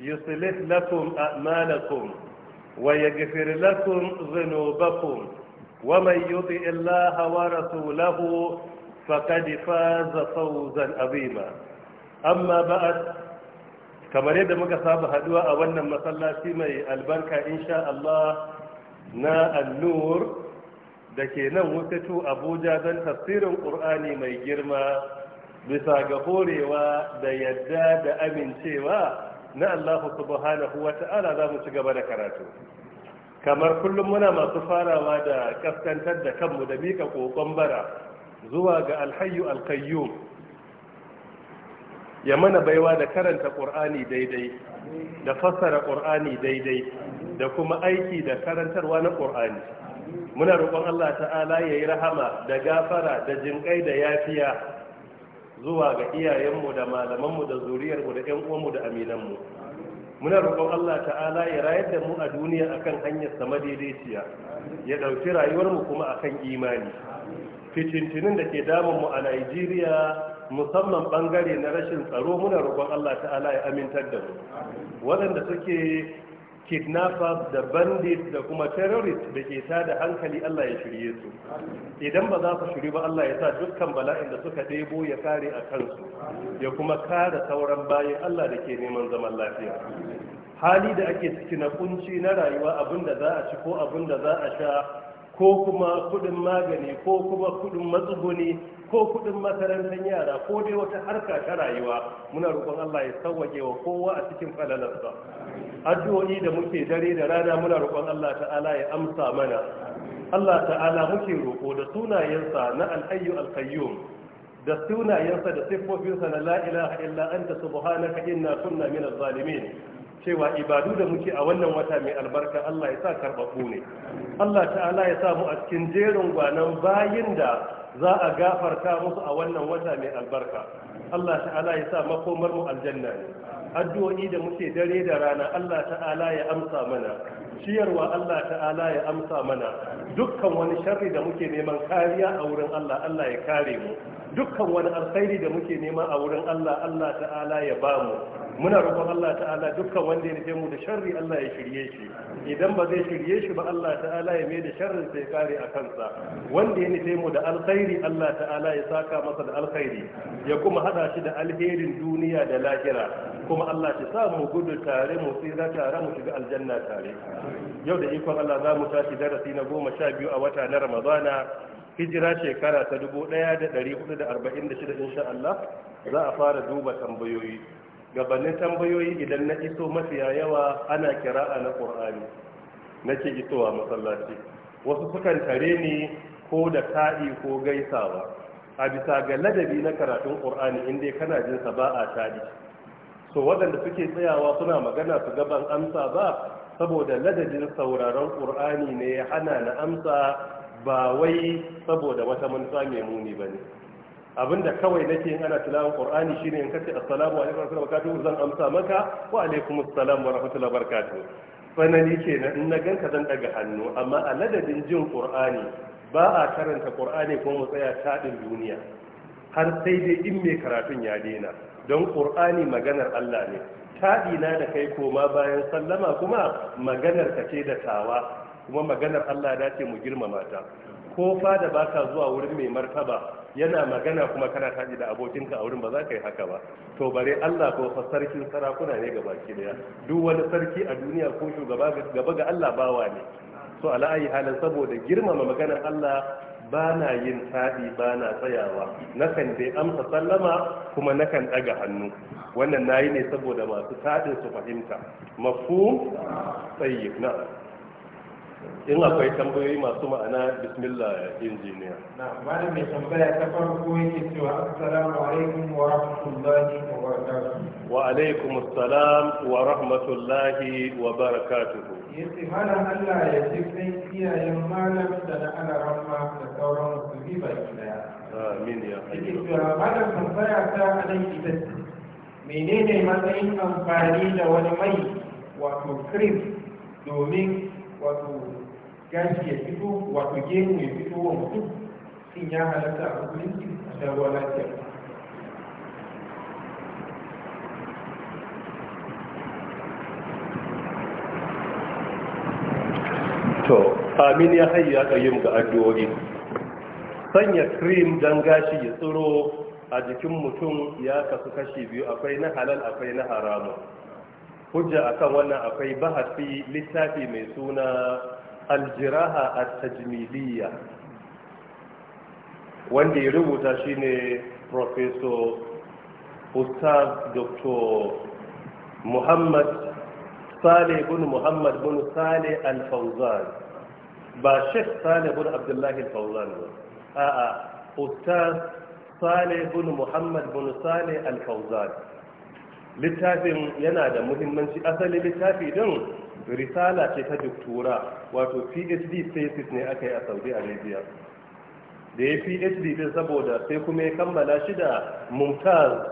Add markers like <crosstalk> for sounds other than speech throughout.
يصلح لكم أعمالكم ويغفر لكم ذنوبكم ومن يطع الله ورسوله فقد فاز فوزا عظيما أما بعد kamar yadda muka saba haɗuwa a wannan masallaci mai albarka insha Allah na annur da ke nan wutattu abuja don tafsirin ƙur'ani mai girma bisa ga horewa da yadda da amincewa na Allah subhanahu wa ta'ala za mu ci gaba da karatu kamar kullum muna masu farawa da kaskantar da kanmu da mika kokon bara zuwa ga alhayyu alkayyum ya mana baiwa da karanta ƙur'ani daidai da fassara ƙur'ani daidai da kuma aiki da karantarwa na ƙur'ani. muna roƙon Allah ta'ala yayi rahama da gafara da jinƙai da yafiya zuwa ga iyayenmu da malamanmu da zuriyarmu da ƴan uwanmu da aminanmu muna roƙon Allah ta'ala ya rayar da mu a duniya akan hanyar sama daidaiciya ya ɗauki mu kuma akan imani fitintinin da ke damun mu a Najeriya musamman bangare na rashin tsaro muna roƙon Allah ta'ala ya amintar da mu waɗanda suke kidnappers da bandits da kuma terrorists da ke da hankali Allah ya shirye su idan ba za su shiri ba Allah ya sa dukkan bala'in da suka debo ya kare a kansu ya kuma kare sauran bayan Allah da ke neman zaman lafiya hali da ake ciki na kunci na rayuwa abinda za a ci ko abun da za a sha ko kuma kudin magani ko kuma kudin matsuguni ko kudin makarantar yara ko dai wata harka ta rayuwa muna roƙon Allah ya sauwaje wa kowa a cikin falalarsa addu'o'i da muke dare da rana muna roƙon Allah ta'ala ya amsa mana Allah ta'ala muke roƙo da sunayensa na alhayyu alqayyum da sunayensa da siffofinsa na la ilaha illa anta subhanaka inna kunna minaz zalimin cewa ibadu da muke a wannan wata mai albarka Allah ya sa karɓaɓɓu ne Allah ta'ala ya sa mu a cikin jerin gwanan bayin da za a gafarta musu a wannan wata mai albarka Allah ta'ala ya sa makomar mu aljanna ne addu'o'i da muke dare da rana Allah ta'ala ya amsa mana ciyarwa Allah ta'ala ya amsa mana dukkan wani sharri da muke neman kariya a wurin Allah Allah ya kare mu dukkan wani alkhairi da muke nema a wurin Allah Allah ta'ala ya ba mu muna roƙon Allah ta'ala dukkan wanda ya nufe mu da sharri Allah ya shirye shi idan ba zai shirye shi ba Allah ta'ala ya mai da sharri sai kare a kansa wanda ya nufe mu da alkhairi Allah ta'ala ya saka masa da alkhairi ya kuma hada shi da alherin duniya da lahira kuma Allah ya sa mu gudu tare mu tsira tare mu shiga aljanna tare yau da ikon Allah za mu tashi darasi na goma sha biyu a wata na Ramadana hijira shekara ta dubu ɗaya 1446 insha Allah za a fara duba tambayoyi gabanin tambayoyi idan na iso mafiya yawa ana kira a na ƙur'ani ke isowa masallaci wasu sukan tare ne ko da ta'i ko gaisawa a bisa ga ladabi na karatun ƙur'ani inda kana jin sa ba a taɗi so waɗanda suke tsayawa suna magana su gaban amsa ba saboda ladabin sauraron ƙur'ani ne ya hana na amsa ba wai saboda wata manufa mai muni ba ne abinda kawai nake yin ana tilawan qur'ani shine in kace assalamu alaikum wa rahmatullahi zan amsa maka wa alaikum assalam wa rahmatullahi wa barakatuh tsanani kenan in na ganka zan daga hannu amma a ladadin jin qur'ani ba a karanta qur'ani ko mu tsaya tadin duniya har sai dai in mai karatun ya daina don qur'ani maganar Allah ne taɗina da kai koma bayan sallama kuma maganar ka ce da tawa kuma maganar Allah dace mu girmama ta ko fada ba ka zuwa wurin mai martaba yana magana kuma kana taji da abokinka a wurin ba za ka yi haka ba to bare Allah ko fa sarkin sarakuna ne gaba ki daya duk wani sarki a duniya ko shugaba gaba ga Allah bawa ne so ala ayi halin saboda girmama maganar Allah ba na yin taɗi ba na tsayawa nakan dai amsa sallama kuma nakan ɗaga hannu wannan nayi ne saboda masu taɗin su fahimta mafhum tayyib na'am in akwai tambayoyi masu ma'ana bismillah injiniya na malam mai tambaya ta farko yake cewa assalamu alaikum wa rahmatullahi wa barakatuhu wa alaikum assalam wa rahmatullahi wa barakatuhu yace malam Allah ya ji sai iyayen malam da na ana rahma da sauran musulmi baki daya amin ya hayyu malam tambaya ta alai ita menene matsayin amfani da wani mai wato cream domin wato gashi ya fito wato gemu ya fito wa mutum sun ya halatta a musulunci a sharuwa lafiya to amin ya hayi ya yin ga addu'o'i sanya cream don gashi ya tsiro a jikin mutum ya kasu kashi biyu akwai na halal akwai na haramu hujja akan wannan akwai bahasi littafi mai suna aljiraha a tajmiliya wanda ya rubuta shine professor ustaz dr muhammad saleh bin muhammad bin saleh al-fawzan ba sheikh saleh bin abdullahi al-fawzan ba a'a ustaz saleh bin muhammad bin saleh al-fawzan littafin yana da muhimmanci asali littafi din risala ce ta doktora wato phd thesis ne aka yi a saudi arabia da ya phd din saboda sai kuma ya kammala shi da mumtaz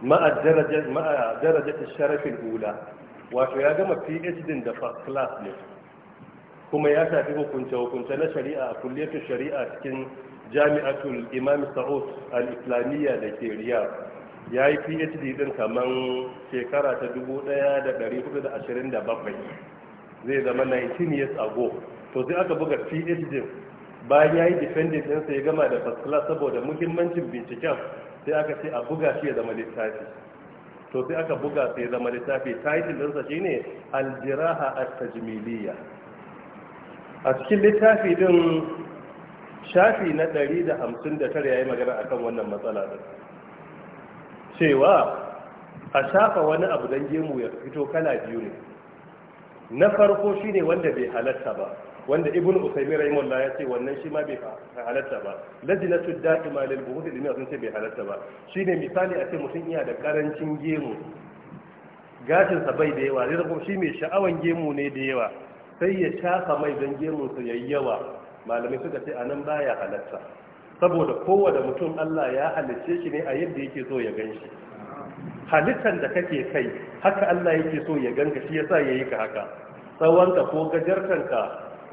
ma'a darajar sharafin hula, wato ya gama phd din da first class ne kuma ya shafi hukunce-hukunce na shari'a a kulliyar shari'a cikin jami'atul imam sa'ud al-islamiyya da ke riyadh ya yi phd din kamar shekara ta 1427 zai zama 19 years ago to sai aka buga phd bayan ya yi defendant ɗinsa ya gama da first class saboda muhimmancin binciken sai aka ce a buga shi ya zama littafi to sai aka buga sai zama littafi title ɗinsa shine aljiraha at-tajmiliya a cikin littafi din shafi na 159 yayi magana akan wannan matsala din cewa a shafa wani abu don gemu ya fito kala biyu ne na farko shine wanda bai halatta ba wanda ibn usaymi rahimahullah ya ce wannan shi ma bai halatta ba na daɗi ma lalbu buhut da sun ce bai halatta ba shine misali a ce mutum iya da karancin gemu gashinsa bai da yawa zai shi mai sha'awan gemu ne da yawa sai ya shafa mai don gemun sa yayi yawa malamai suka ce anan baya halatta saboda kowane mutum Allah ya halicce shi ne a yadda yake so ya ganshi halittar da kake kai haka Allah yake so ya ganka shi yasa yayi ka haka tsawonka ko gajartanka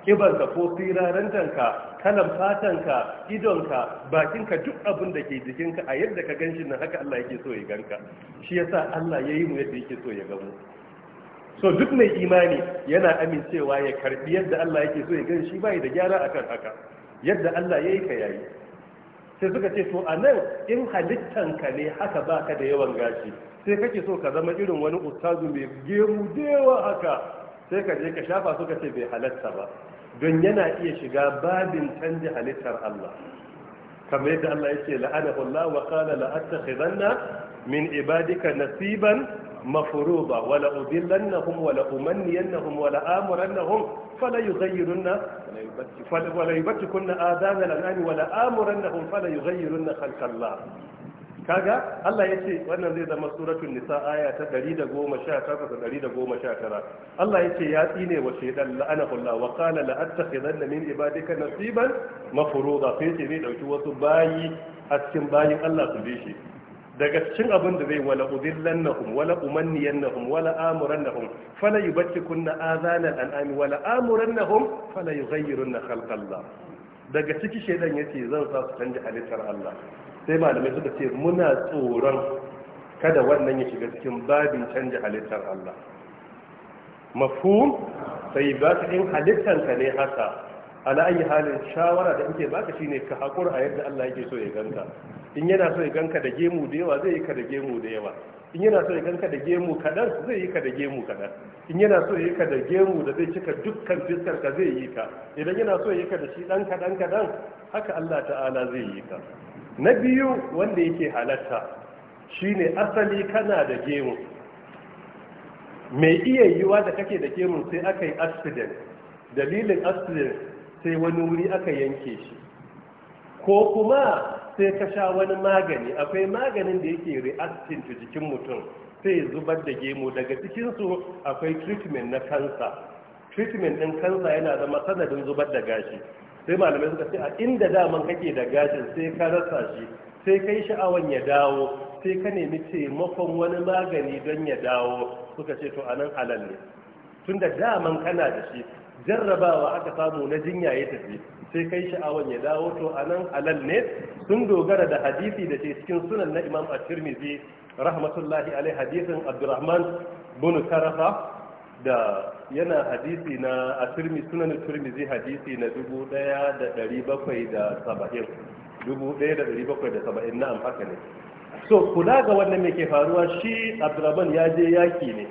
kibanka ko sirarantanka kalan fatanka idonka bakinka duk abin da ke jikinka a yadda ka ganshi nan haka Allah yake so ya ganka shi yasa Allah yayi mu yadda yake so ya ga mu so duk mai imani yana amincewa ya karbi yadda Allah yake so ya ganshi bai da gyara akan haka yadda Allah yayi ka yayi sai suka ce to a nan in halittan ka ne haka ba ka da yawan gashi sai kake so ka zama irin wani ustazu mai gemu dewa haka sai ka je ka shafa suka ce bai halatta ba don yana iya shiga babin canji halittar Allah kamar yadda Allah yake la'anahu Allah wa qala la min ibadika nasiban مفروضة ولا فلا يغيرن ولا يبتكن آذان الأنعام ولا آمرنهم فلا يغيرن خلق الله kaga Allah zai zama suratul nisa aya ta 118 Allah ya ya tsine wa shaidan la'anahullah ibadika nasiban mafruḍa sai ce ne dauki wasu bayi a cikin Allah su daga cikin abin da zai wala udillan na hum wala umanniyan na hum wala amuran na hum fala yi bacci kunna azanar al'ami wala amuran na hum fala yi zayyirun na daga ciki shaidan ya ce zan sa su canja halittar Allah sai malamai suka ce muna tsoron kada wannan ya shiga cikin babin canja halittar Allah mafhum sai ba in halittanka ne haka ala ayi halin shawara da muke baka shine ka hakura a yadda Allah yake so ya ganka in yana so ya ganka da gemu da yawa zai yi ka da gemu da yawa in yana so ya ganka da gemu kadan zai yi ka da gemu kadan in yana so ya yi ka da gemu da zai cika dukkan fiskar ka zai yi ka idan yana so ya yi ka da shi dan kadan kadan haka Allah ta'ala zai yi ka na biyu wanda yake halatta shine asali kana da gemu mai iya yiwa da kake da gemu sai aka yi accident dalilin accident sai wani wuri aka yanke shi ko kuma sai ka sha wani magani akwai maganin da yake reacting to jikin mutum sai zubar da gemu daga cikinsu akwai treatment na kansa treatment ɗin kansa yana zama sanadin zubar da gashi sai malamai suka ce a inda daman kake da gashin sai ka rasa shi sai kai sha'awan ya dawo sai ka nemi taimakon wani magani don ya dawo suka ce to anan halal ne tunda daman kana da shi jarrabawa aka samu na jinya ya tafi sai kai sha'awan ya dawo to anan alal ne sun dogara da hadisi da ke cikin sunan na imam at-tirmidhi rahmatullahi alai hadisin abdurrahman bin karafa da yana hadisi na at-tirmidhi sunan at-tirmidhi hadisi na 1770 1770 na'am haka ne so kula ga wannan me ke faruwa shi abdurrahman ya je yaki ne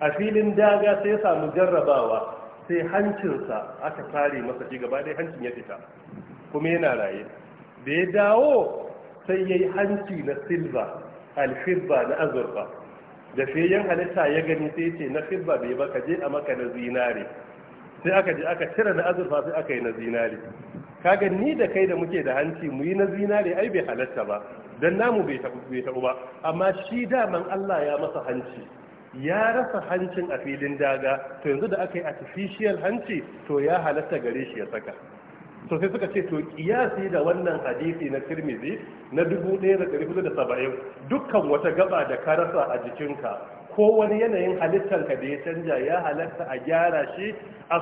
a filin daga sai ya samu jarrabawa sai hancinsa aka tare masa shi gaba ɗaya hancin ya fita kuma yana raye da ya dawo sai ya yi hanci na silba alfibba na azurfa da fiyayyen halitta ya gani sai ce na fibba bai ba ka je a maka na zinare sai aka je aka cire na azurfa sai aka yi na zinare kaga ni da kai da muke da hanci mu yi na zinare ai bai halatta ba don namu bai tabu ba amma shi daman Allah ya masa hanci ya rasa hancin a filin daga to yanzu da aka yi artificial hanci to ya halatta gare shi ya saka to sai suka ce to kiyasi da wannan hadisi na tirmizi na 1470 dukkan wata gaba da ka rasa a jikinka ko wani yanayin halittarka da ya canja ya halatta a gyara shi a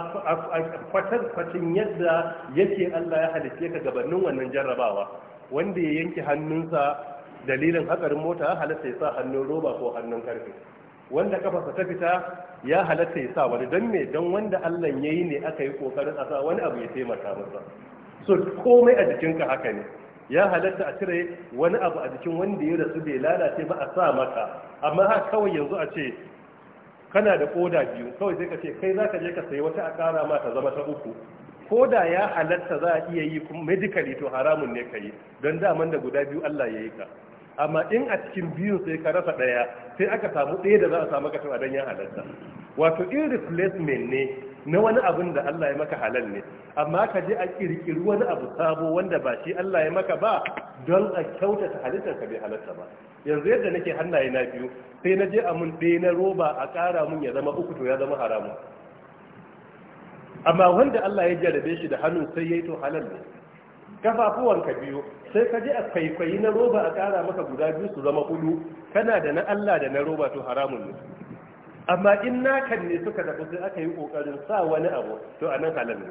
kwatankwacin yadda yake Allah ya halitta ka gabanin wannan jarrabawa wanda ya yanke hannunsa dalilin hakarin mota halatta ya sa hannun roba ko hannun karfe wanda kafarsa ta fita ya halatta ya sa wani don me don wanda Allah ya yi ne aka yi kokarin asa, wani abu ya taimaka masa so komai a jikinka haka ne ya halatta a cire wani abu a jikin wanda ya rasu bai lalace ba a sa maka amma ha kawai yanzu a ce kana da koda biyu kawai sai ka ce kai za ka je ka sayi wata a kara ma ta zama ta uku koda ya halatta za a iya yi medically to haramun ne ka yi don daman da guda biyu Allah ya yi ka amma in a cikin biyu sai ka rasa ɗaya sai aka samu ɗaya da za a samu a adon ya halatta wato in replacement ne na wani abin da Allah ya maka halal ne amma ka je a kirkiri wani abu sabo wanda ba shi Allah ya maka ba don a kyautata halittar ka bai halatta ba yanzu yadda nake hannaye na biyu sai na je a mun ɗaya na roba a ƙara mun ya zama uku to ya zama haramun amma wanda Allah ya jarabe shi da hannu sai ya yi to halal ne ka biyu sai ka je a kwaikwayi na roba a kara maka guda biyu su zama hudu kana da na Allah da na roba to haramun ne amma in nakan ne suka tafi sai aka yi ƙoƙarin sa wani abu to anan halal ne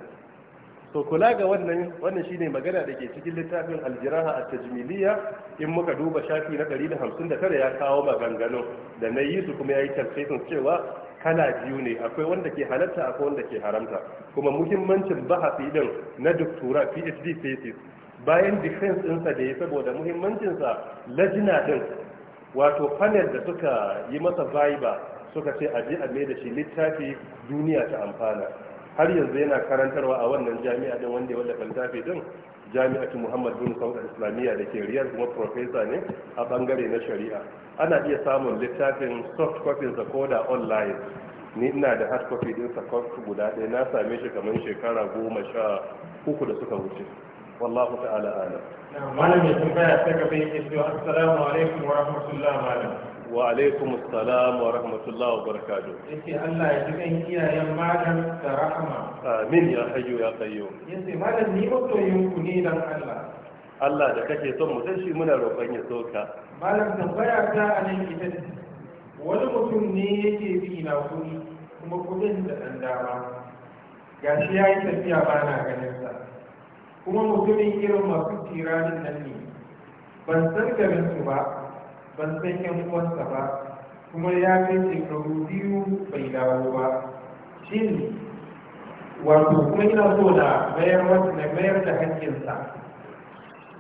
to kula ga wannan wannan shine magana da ke cikin littafin aljiraha at-tajmiliya in muka duba shafi na 159 ya kawo maganganu da na yi su kuma yayi tafsirin cewa kala biyu ne akwai wanda ke halatta akwai wanda ke haramta kuma muhimmancin bahasi din na doctora PhD thesis bayan defense ɗinsa da ya saboda muhimmancinsa lajina din wato panel da suka yi masa viba suka ce a je a mai da shi littafi duniya ta amfana har yanzu yana karantarwa a wannan jami'a din wanda ya wallafa littafi din jami'atu muhammad bin saud islamiyya da ke riyar kuma profesa ne a bangare na shari'a ana iya samun littafin soft copy sa koda online ni ina da hard copy din sa guda ɗaya na same shi kamar shekara goma sha uku da suka wuce wallahu ta'ala alam malam ya tambaya ta gaba yake cewa assalamu alaikum wa rahmatullahi wa barakatuh wa alaikum assalam wa rahmatullahi wa barakatuh yace Allah ya ji kan iyayen malam da rahama amin ya hayyu ya qayyum yace malam ni masoyin ku ne dan Allah Allah da kake son mu san shi muna roƙon ya soka malam tambaya ta anan ita wani mutum ne yake bi na kuɗi kuma kuɗin da ɗan dama gashi ya yi tafiya ba na ganin sa kuma mutumin irin masu tiranin nan ne ban san garin su ba ban san yan uwansa ba kuma ya kai shekaru biyu bai dawo ba shin wato kuma ina so na mayar na mayar da hakkinsa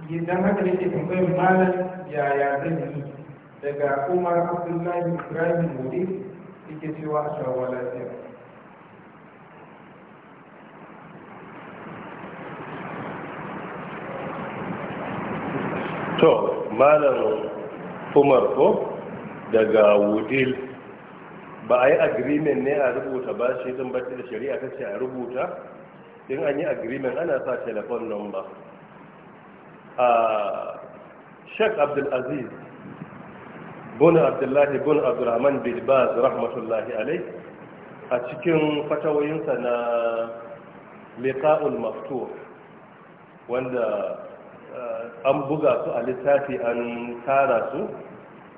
idan haka nake tambayar malam yaya zan yi daga umar abdullahi ibrahim mori yake cewa a shawarwa lafiya to malam umar ko daga wudil ba a yi agreement ne a rubuta ba shi zan bacci da shari'a ta ce a rubuta in an yi agreement ana sa telefon number a Abdul abdulaziz bin abdullahi bin bin Baz rahmatullahi alai a cikin fatawoyinsa na liqa'ul maftuh wanda an buga su a littafi an tara su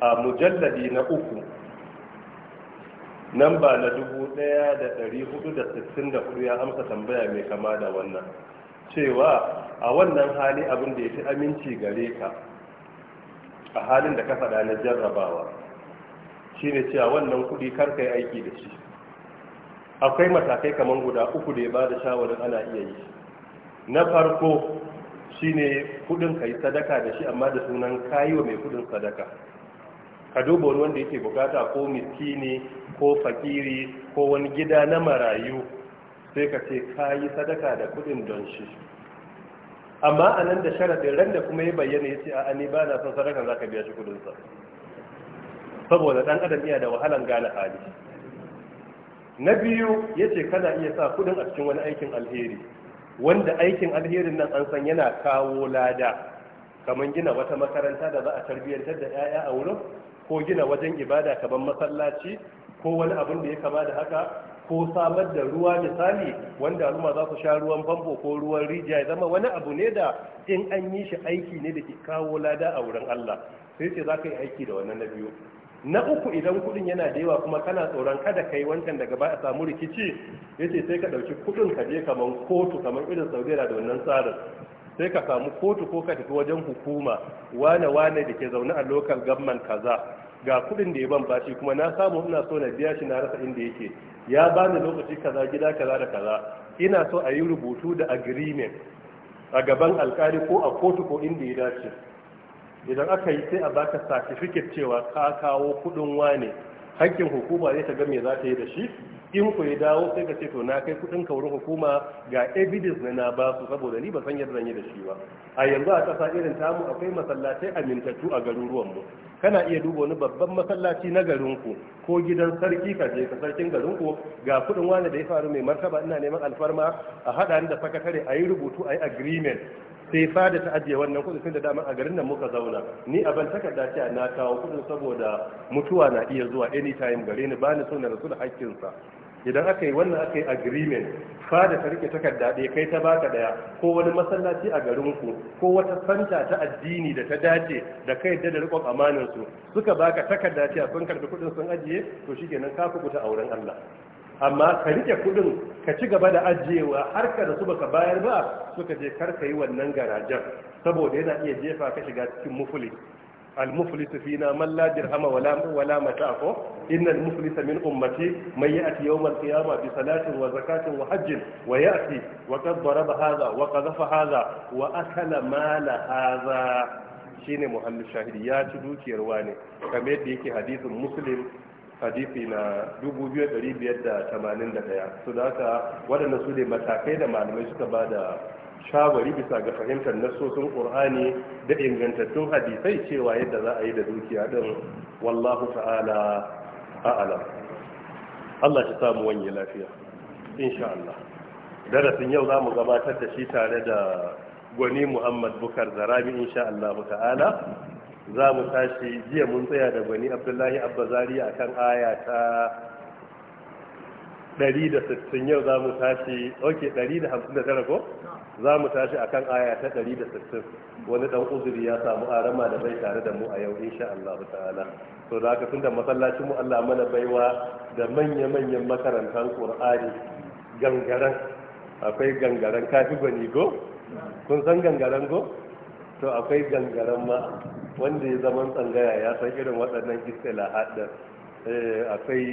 a mujalladi na uku nan ba na 1464 ya amsa tambaya mai kama da wannan cewa a wannan hali abin da ya fi aminci gare ka a halin da ka faɗa na jarrabawa shi ne cewa wannan kuɗi karka yi aiki da shi akwai matakai kamar guda uku da ya ba da shawarar ana iya yi na farko shine kudin ka yi sadaka da shi amma da sunan kayi wa mai kudin sadaka ka duba wani wanda yake bukata ko miskini ko fakiri ko wani gida na marayu sai ka ce kayi sadaka da kudin don shi amma a nan da sharaɗin ran da kuma ya bayyana ya ce a ani, ba na son sadaka za ka biya shi kudinsa saboda ɗan adam iya da wahalan gane hali na biyu ya ce kana iya sa kudin a cikin wani aikin alheri wanda aikin alherin nan an san yana kawo lada kamar gina wata makaranta da za a tarbiyyantar da 'ya'ya a wurin ko gina wajen ibada kamar masallaci ko wani abin da ya kama da haka ko samar da ruwa misali wanda al'umma za su sha ruwan famfo ko ruwan rijiya ya zama wani abu ne da in an yi shi aiki ne da ke kawo lada a wurin Allah sai ce za ka yi aiki da wannan na biyu na uku idan kudin yana da yawa kuma kana tsoron kada kai wancan daga ba a samu rikici yace sai ka ɗauki kudin ka je kaman kotu kaman irin Saudi da wannan tsarin sai ka samu kotu ko ka tafi wajen hukuma wane wane da ke zaune a lokal government kaza ga kudin da ya ban bashi kuma na samu ina so na biya shi na rasa inda yake ya bani lokaci kaza gida kaza da kaza ina so a yi rubutu da agreement a gaban alkali ko a kotu ko inda ya dace idan aka yi sai a baka certificate cewa ka kawo kudin wane hakkin hukuma zai ta ga me za ta yi da shi in ku ya dawo sai ka ce to na kai kudin ka wurin hukuma ga evidence na na ba su saboda ni ba san yadda zan yi da shi ba a yanzu a kasa irin tamu akwai masallatai amintattu a garuruwan mu kana iya duba wani babban masallaci na garin ku ko gidan sarki ka je ka sarkin garin ku ga kudin wane da ya faru mai martaba ina neman alfarma a hada ni da sakatare a yi rubutu a yi agreement sai fada ta ajiye wannan kudin tun da dama a garin nan muka zauna ni a ban takarda ce na kawo kudin saboda mutuwa na iya zuwa anytime gare ni bani so na rasu da hakkinsa idan aka yi wannan aka yi agreement fada ta rike takarda ɗaya kai ta baka daya ko wani masallaci a garin ku ko wata santa ta addini da ta dace da kai da riƙon amanin su suka baka takarda ce a sun karbi kudin sun ajiye to shikenan ka ta auren Allah amma ka rike kuɗin, ka ci gaba da ajiyewa har ka da su baka bayar ba suka je kar ka yi wannan garajen saboda yana iya jefa ka shiga cikin mufuli al-mufli su fina malla dirhama wala wala mata ko inna al min ummati mai ya'ti yawm al-qiyama bi salatin wa zakatin wa hajjin wa ya'ti wa qad daraba hadha wa qadhafa hadha wa akala mala hadha shine muhammad shahidi ya ci dukiyar wane kamar yadda yake hadithun muslim hadisi na 2581 su da haka waɗanda su ne matakai da malamai suka ba da shawari bisa ga fahimtar nasosin ƙur'ani da ingantattun hadisai cewa yadda za a yi da dukiya ɗin wallahu ta'ala alam Allah shi samu wanye lafiya insha Allah darasin yau za mu gabatar da shi tare da gwani muhammad bukar zarami insha Allah ta'ala za mu tashi jiya mun tsaya da bani abdullahi abbazari a kan aya ta 160 yau za mu tashi ok 159 ko za mu tashi a kan aya ta 160 wani dan uzuri ya samu arama da bai tare da mu a yau insha Allah ta'ala to da haka tunda masallacin mu Allah mana baiwa da manya-manyan makarantar Qur'ani gangaren akwai gangaren kafi gwani go kun san gangaren go to akwai gangaren ma wanda ya zaman tsangaya ya san irin waɗannan istilahat din eh, akwai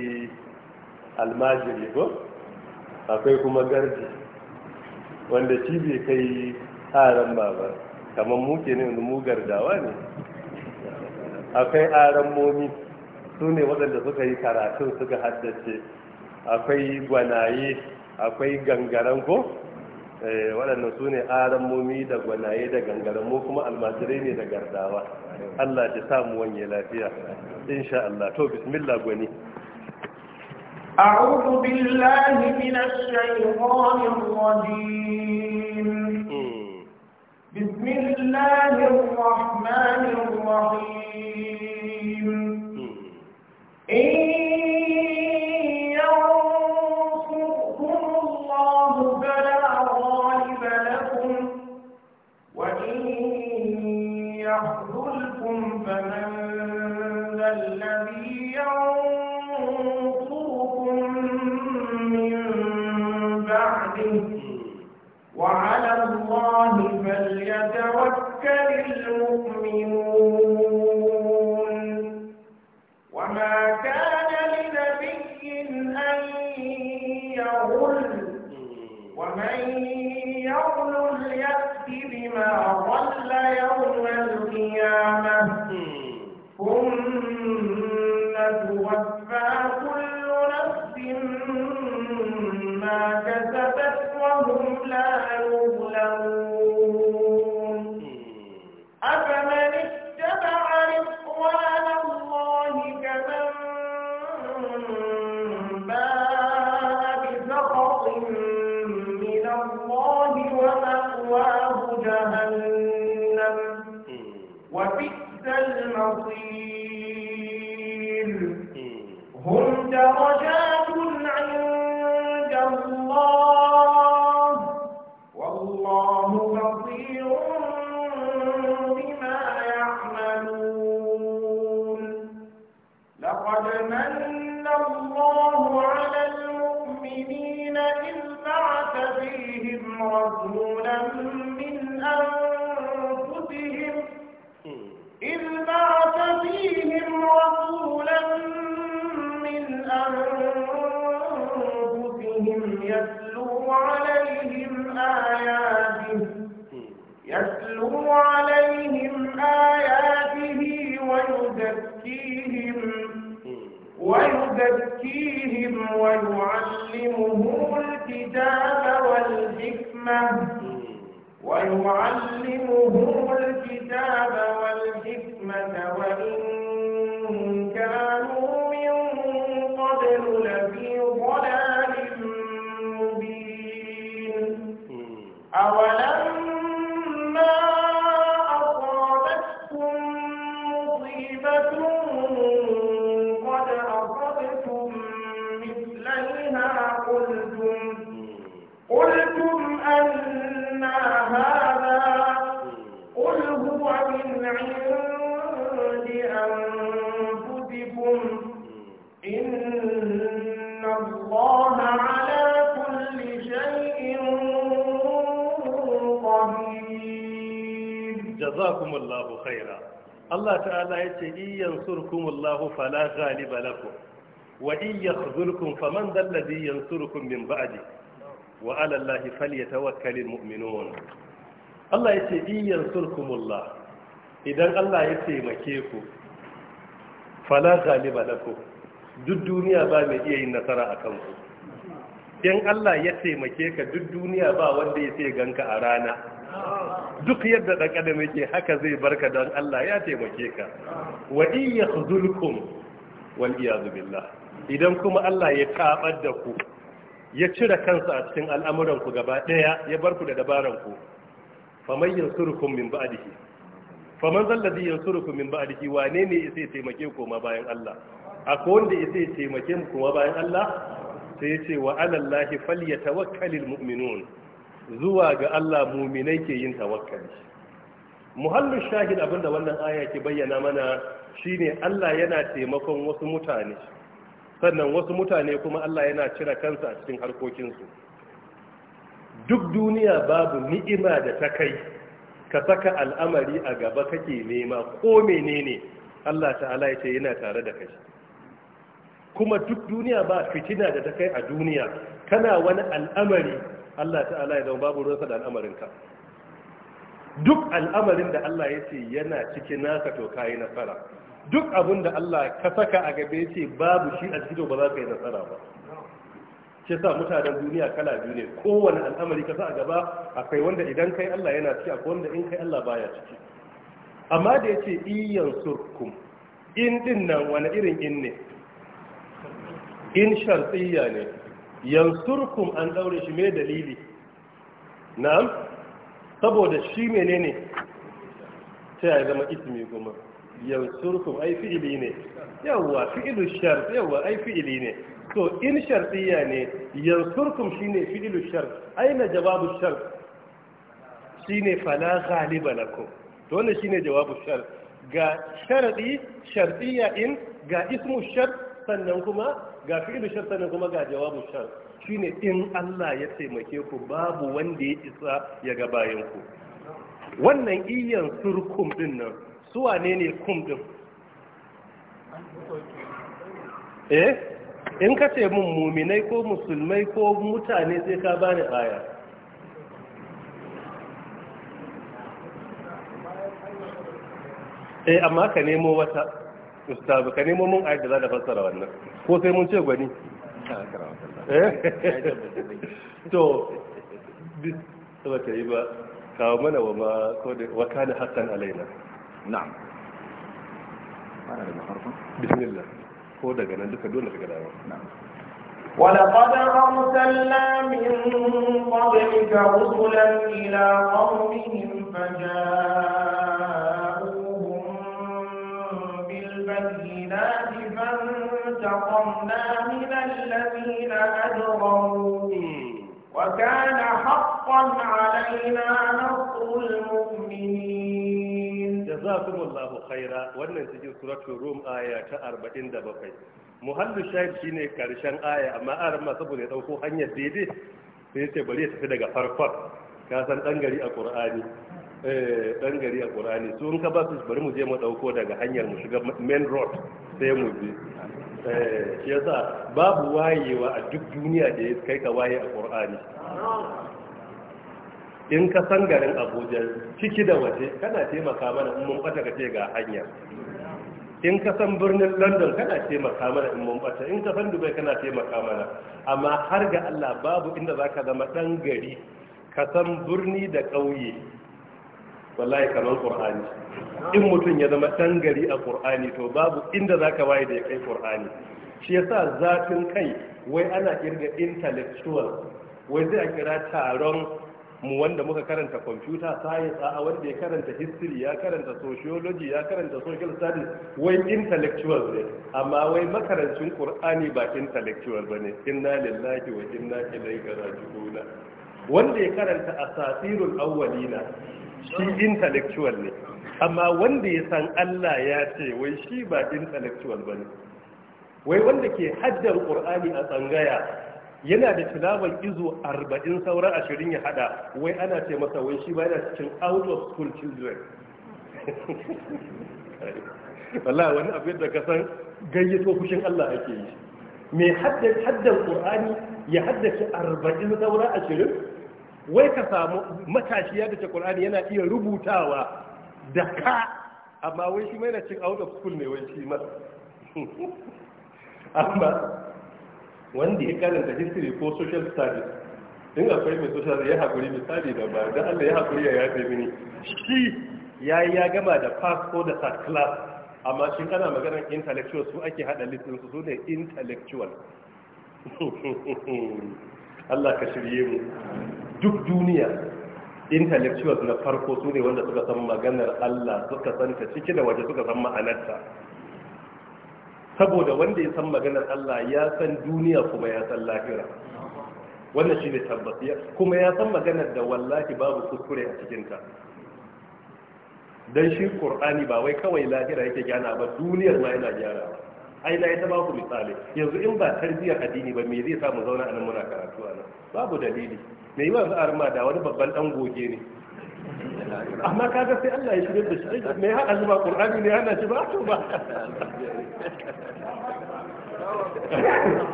almajiri ko akwai kuma garji wanda shi bai kai haran ba ba kamar muke ne ne mu gardawa ne akwai aran momi su ne waɗanda suka yi karatun suka haddace akwai gwanaye akwai gangaren ko eh, waɗannan su ne aran momi da gwanaye da gangaren mu kuma almajirai ne da gardawa Allah ya samu wanye lafiya insha Allah to bismillah gwani أعوذ بالله من الشيطان الرجيم hmm. بسم الله الرحمن الرحيم hmm. إن فمن ويزكيهم ويعلمهم الكتاب والحكمة ويعلمهم الكتاب والحكمة وإن Allah ta'ala ya ce in yansurkumullahu fala ghaliba lakum wa in yakhzulkum faman dhal ladhi yansurukum min ba'di wa 'ala Allahi falyatawakkalul mu'minun Allah ya ce in yansurkumullah idan Allah ya taimake ku fala ghaliba lakum duk duniya ba mai iya yin nasara akan ku in Allah ya taimake ka duk duniya ba wanda ya sai ganka a rana duk yadda da adam yake haka zai barka don Allah ya taimake ka wa in yakhzulkum wal iyad billah idan kuma Allah ya tabar da ku ya cire kansa a cikin al'amuran ku gaba daya ya bar ku da dabaran ku faman yansurukum min ba'dihi faman zalladhi yansurukum min ba'dihi wane ne sai taimake ku ma bayan Allah akwai wanda sai taimake ku kuma bayan Allah sai ya ce wa alallahi falyatawakkalul mu'minun zuwa ga Allah muminai ke yin tawakkali muhallu shahid abinda wannan aya ke bayyana mana shine Allah yana taimakon wasu mutane sannan wasu mutane kuma Allah yana cire kansa a cikin harkokinsu duk duniya babu ni'ima da ta kai ka saka al'amari a gaba kake nema ko menene Allah ta'ala ya yana tare da kai kuma duk duniya ba fitina da ta kai a duniya kana wani al'amari Allah ta'ala ya zama babu ruwansa da ka. duk al'amarin da Allah ya ce yana cikin nasa to kayi nasara duk abin da Allah ka saka a gabe ce babu shi a cikin ba za ka yi nasara ba ce sa mutanen duniya kala biyu ne kowane al'amari ka sa a gaba akwai wanda idan kai Allah yana ciki akwai wanda in kai Allah baya ciki amma da yace iyan surkum in din nan wani irin in ne in shartiyya ne yansurkum an daure shi mai dalili na'am saboda shi menene ta ya zama ismi kuma yansurkum ai fi'ili ne yawwa fi'ilu shart yawwa ai fi'ili ne to in shartiya ne yansurkum shine fi'ilu shart aina jawabu shart shine fala ghaliba lakum to wannan shine jawabu shart ga sharadi shartiya in ga ismu shart sannan kuma ga fi'il shar sannan kuma ga jawabu shar shine in Allah ya taimake ku babu wanda ya isa ya ga bayan wannan iyan surkum din nan su wane ne kum din eh in ka ce mun muminai ko musulmai ko mutane sai ka bani aya eh amma ka nemo wata ustazu ka nemo mun ayat da za ta fassara wannan ko sai mun ce gwani to duk ba ta yi ba kawo mana wa ma wa kana haqqan alaina na'am ana da mafarko bismillah ko daga nan duka dole daga dawo na'am ولقد أرسلنا من قبلك رسلا إلى قومهم فجاءوا الناس فانتقمنا من الذين أجرموا وكان حقا علينا نصر المؤمنين جزاكم الله خيرا wannan cikin suratul rum aya ta 47 muhallu shahid shine karshen aya amma aran ma saboda ya ɗauko hanyar daidai sai ya ce bari ya tafi daga farkon ka san a ƙur'ani. Eh, ɗan gari a ƙorani su in ka ba su bari mu je mu ɗauko daga hanyar mu shiga main road sai mu bi eh, shi yasa babu wayewa a duk duniya da ya kai ka waye a ƙorani in ka san garin abuja ciki da waje kana taimaka mana in mun ɓata ka ce ga hanya in ka san birnin london kana taimaka mana in mun ɓata in ka san dubai kana taimaka mana amma har ga allah babu inda za ka zama ɗan gari ka san birni da ƙauye wallahi kamar qur'ani in mutum ya zama dangari a qur'ani to babu inda zaka waye da ya kai qur'ani shi yasa zafin kai wai ana kirga intellectual wai zai a kira taron mu wanda muka karanta computer science a wanda ya karanta history ya karanta sociology ya karanta social studies wai intellectual ne amma wai makarancin qur'ani ba intellectual bane inna lillahi wa inna ilaihi raji'un wanda ya karanta asatirul awwalina shi intellectual ne amma wanda ya san Allah ya ce wai shi ba intellectual ba ne wai wanda ke haddar ƙur'ani a tsangaya yana da tilawar izo arba'in saura ashirin ya hada wai ana ce masa wai shi ba yana cikin out of school children <laughs> Allah wani abin da ka san gayyato fushin Allah ake yi mai haddar ƙur'ani ya haddace arba'in saura ashirin wai ka samu matashi ya dace Qur'ani yana iya rubutawa da ka amma wai shi mai na cin out of school ne wai shi ma amma wanda ya karanta history ko social studies din akwai mai social ya haƙuri misali da ba da Allah ya haƙuri ya yafe mini shi ya yi ya gama da pass ko da third class amma shi kana maganar intellectual su ake haɗa listin su ne intellectual <laughs> Allah ka shirye mu duk duniya intellectuals na farko su ne wanda suka san maganar Allah suka san ta ciki da waje suka san ma'anarta saboda wanda ya san maganar Allah ya san duniya kuma ya san lahira wannan shine tabbasiya kuma ya san maganar da wallahi babu kuskure a cikinta dan shi qur'ani ba wai kawai lahira yake gyana ba duniyar ma yana gyara ai na ita ba ku misali yanzu in ba tarbiyyar addini ba me zai sa mu zauna a nan muna karatu a nan babu dalili mai yiwa yanzu arma da wani babban dan goge ne amma kaga sai Allah ya shirya da shi me ya hada ba Qur'ani ne hana shi ba to ba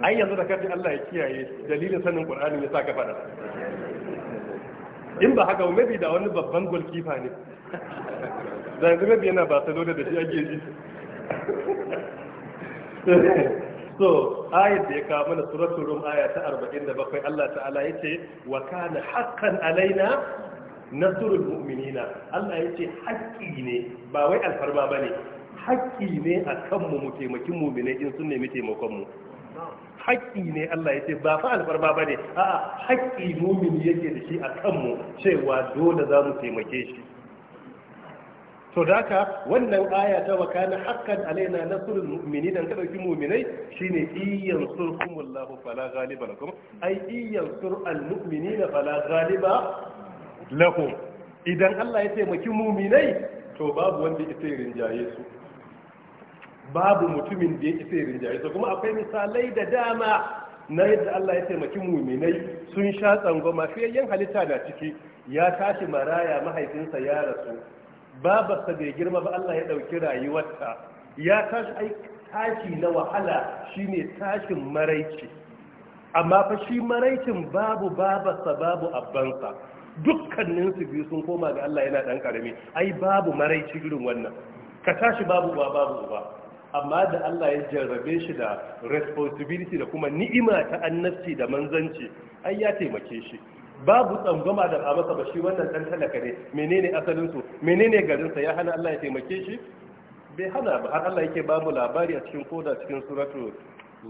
ai yanzu da kafin Allah ya kiyaye dalilin sanin Qur'ani ya saka fada in ba haka maybe da wani babban goalkeeper ne da yanzu maybe yana Barcelona da shi ake ji so ayat da ya kawo mana suratul rum aya ta 47 Allah ta'ala yace wa kana haqqan alaina nasrul mu'minina Allah yace haƙi ne ba wai alfarma bane haƙi ne akan mu mu in sun nemi taimakon mu haƙi ne Allah ya ce ba fa alfarma ba a'a haƙi mumin yake da shi a kanmu cewa dole za mu taimake shi to da haka wannan aya ta wakana haqqan alaina nasrul mu'minin dan dauki mu'minai shine iyyan surkumullahu fala ghaliba lakum ai iyyan sur al mu'minina fala ghaliba lahum idan Allah ya taimaki mu'minai to babu wanda ya sai rinjaye su babu mutumin da ya isa rinjaye su kuma akwai misalai da dama na yadda Allah ya taimaki mu'minai sun sha tsangwama fiyayyen halitta da ciki ya tashi maraya mahaifinsa ya rasu babarsa bai girma ba Allah ya ɗauki rayuwarsa ya tashi ai tashi na wahala shine tashin maraici amma fa shi maraicin babu babarsa babu abbansa dukkanin su biyu sun koma ga Allah yana dan karami ai babu maraici irin wannan ka tashi babu ba babu ba amma da Allah ya jarrabe shi da responsibility da kuma ni'ima ta annabci da manzanci ai ya taimake shi babu tsangwama da ba ba shi wannan dan talaka ne menene asalin su menene garin sa ya hana Allah ya taimake shi bai hana ba har Allah yake babu labari a cikin koda cikin suratu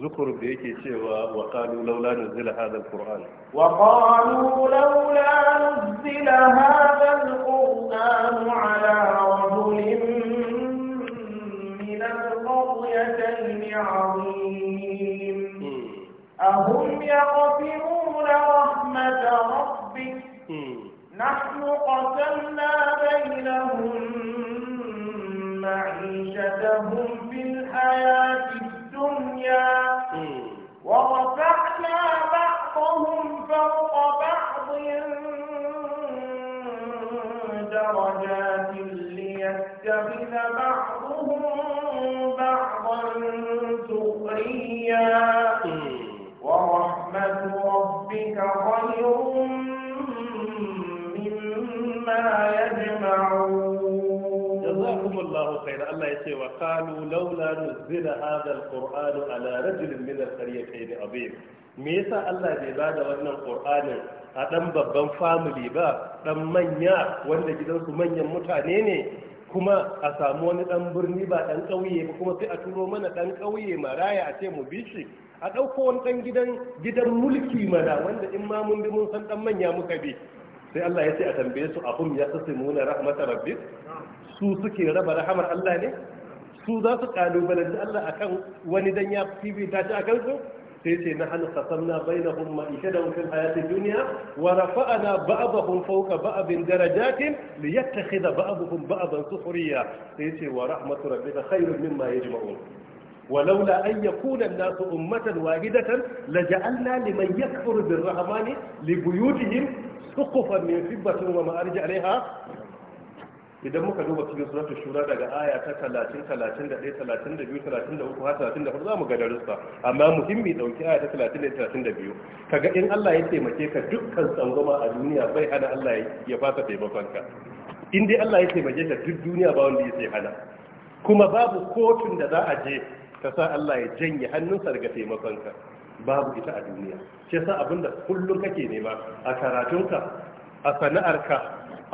zukur da yake cewa wa qalu laula nuzila hadha alquran wa qalu laula nuzila hadha alquran ala rajulin min alqaryatayn 'azim أهم يقفرون رحمة ربك نحن قسمنا بينهم معيشتهم في الحياة الدنيا unzila هذا alquran على رجل من القريتين عظيم me yasa Allah bai da wannan qur'anin a dan babban family ba dan manya wanda gidansu manyan mutane ne kuma a samu wani dan birni ba dan kauye ba kuma sai a turo mana dan kauye maraya a ce mu bi shi a ɗauko wani dan gidan gidan mulki mana wanda in ma mun bi mun san dan manya muka bi sai Allah ya ce a tambaye su ahum ya tasimu na rahmatar rabbik su suke raba rahamar Allah ne su za su kalubalanci Allah akan wani dan ya fifita a akan su sai ce na hannu na bai na humma ishe da mutum hayatun duniya wa rafa'ana ba'abahum fauka ba'abin darajatin da ba'a ba'abuhum ba'aban sukhriya sai ce wa rahmatu rabbika khairun mimma yajma'un ولولا أن يكون الناس أمة واحدة لجعلنا لمن يكفر بالرحمن لبيوتهم سقفا من فضة ومعارج عليها idan muka duba cikin suratul shura daga aya ta 30 31 32 33 har 34 zamu ga darussa amma muhimmi dauki aya ta 30 32 kaga in Allah ya taimake ka dukkan tsangwama a duniya bai hana Allah ya fasa taimakon ka in dai Allah ya taimake ka duk duniya ba wanda ya hana kuma babu kotun da za a je ka sa Allah ya janye hannunsa daga taimakon ka babu ita a duniya shi yasa abinda kullum kake nema a karatunka a sana'arka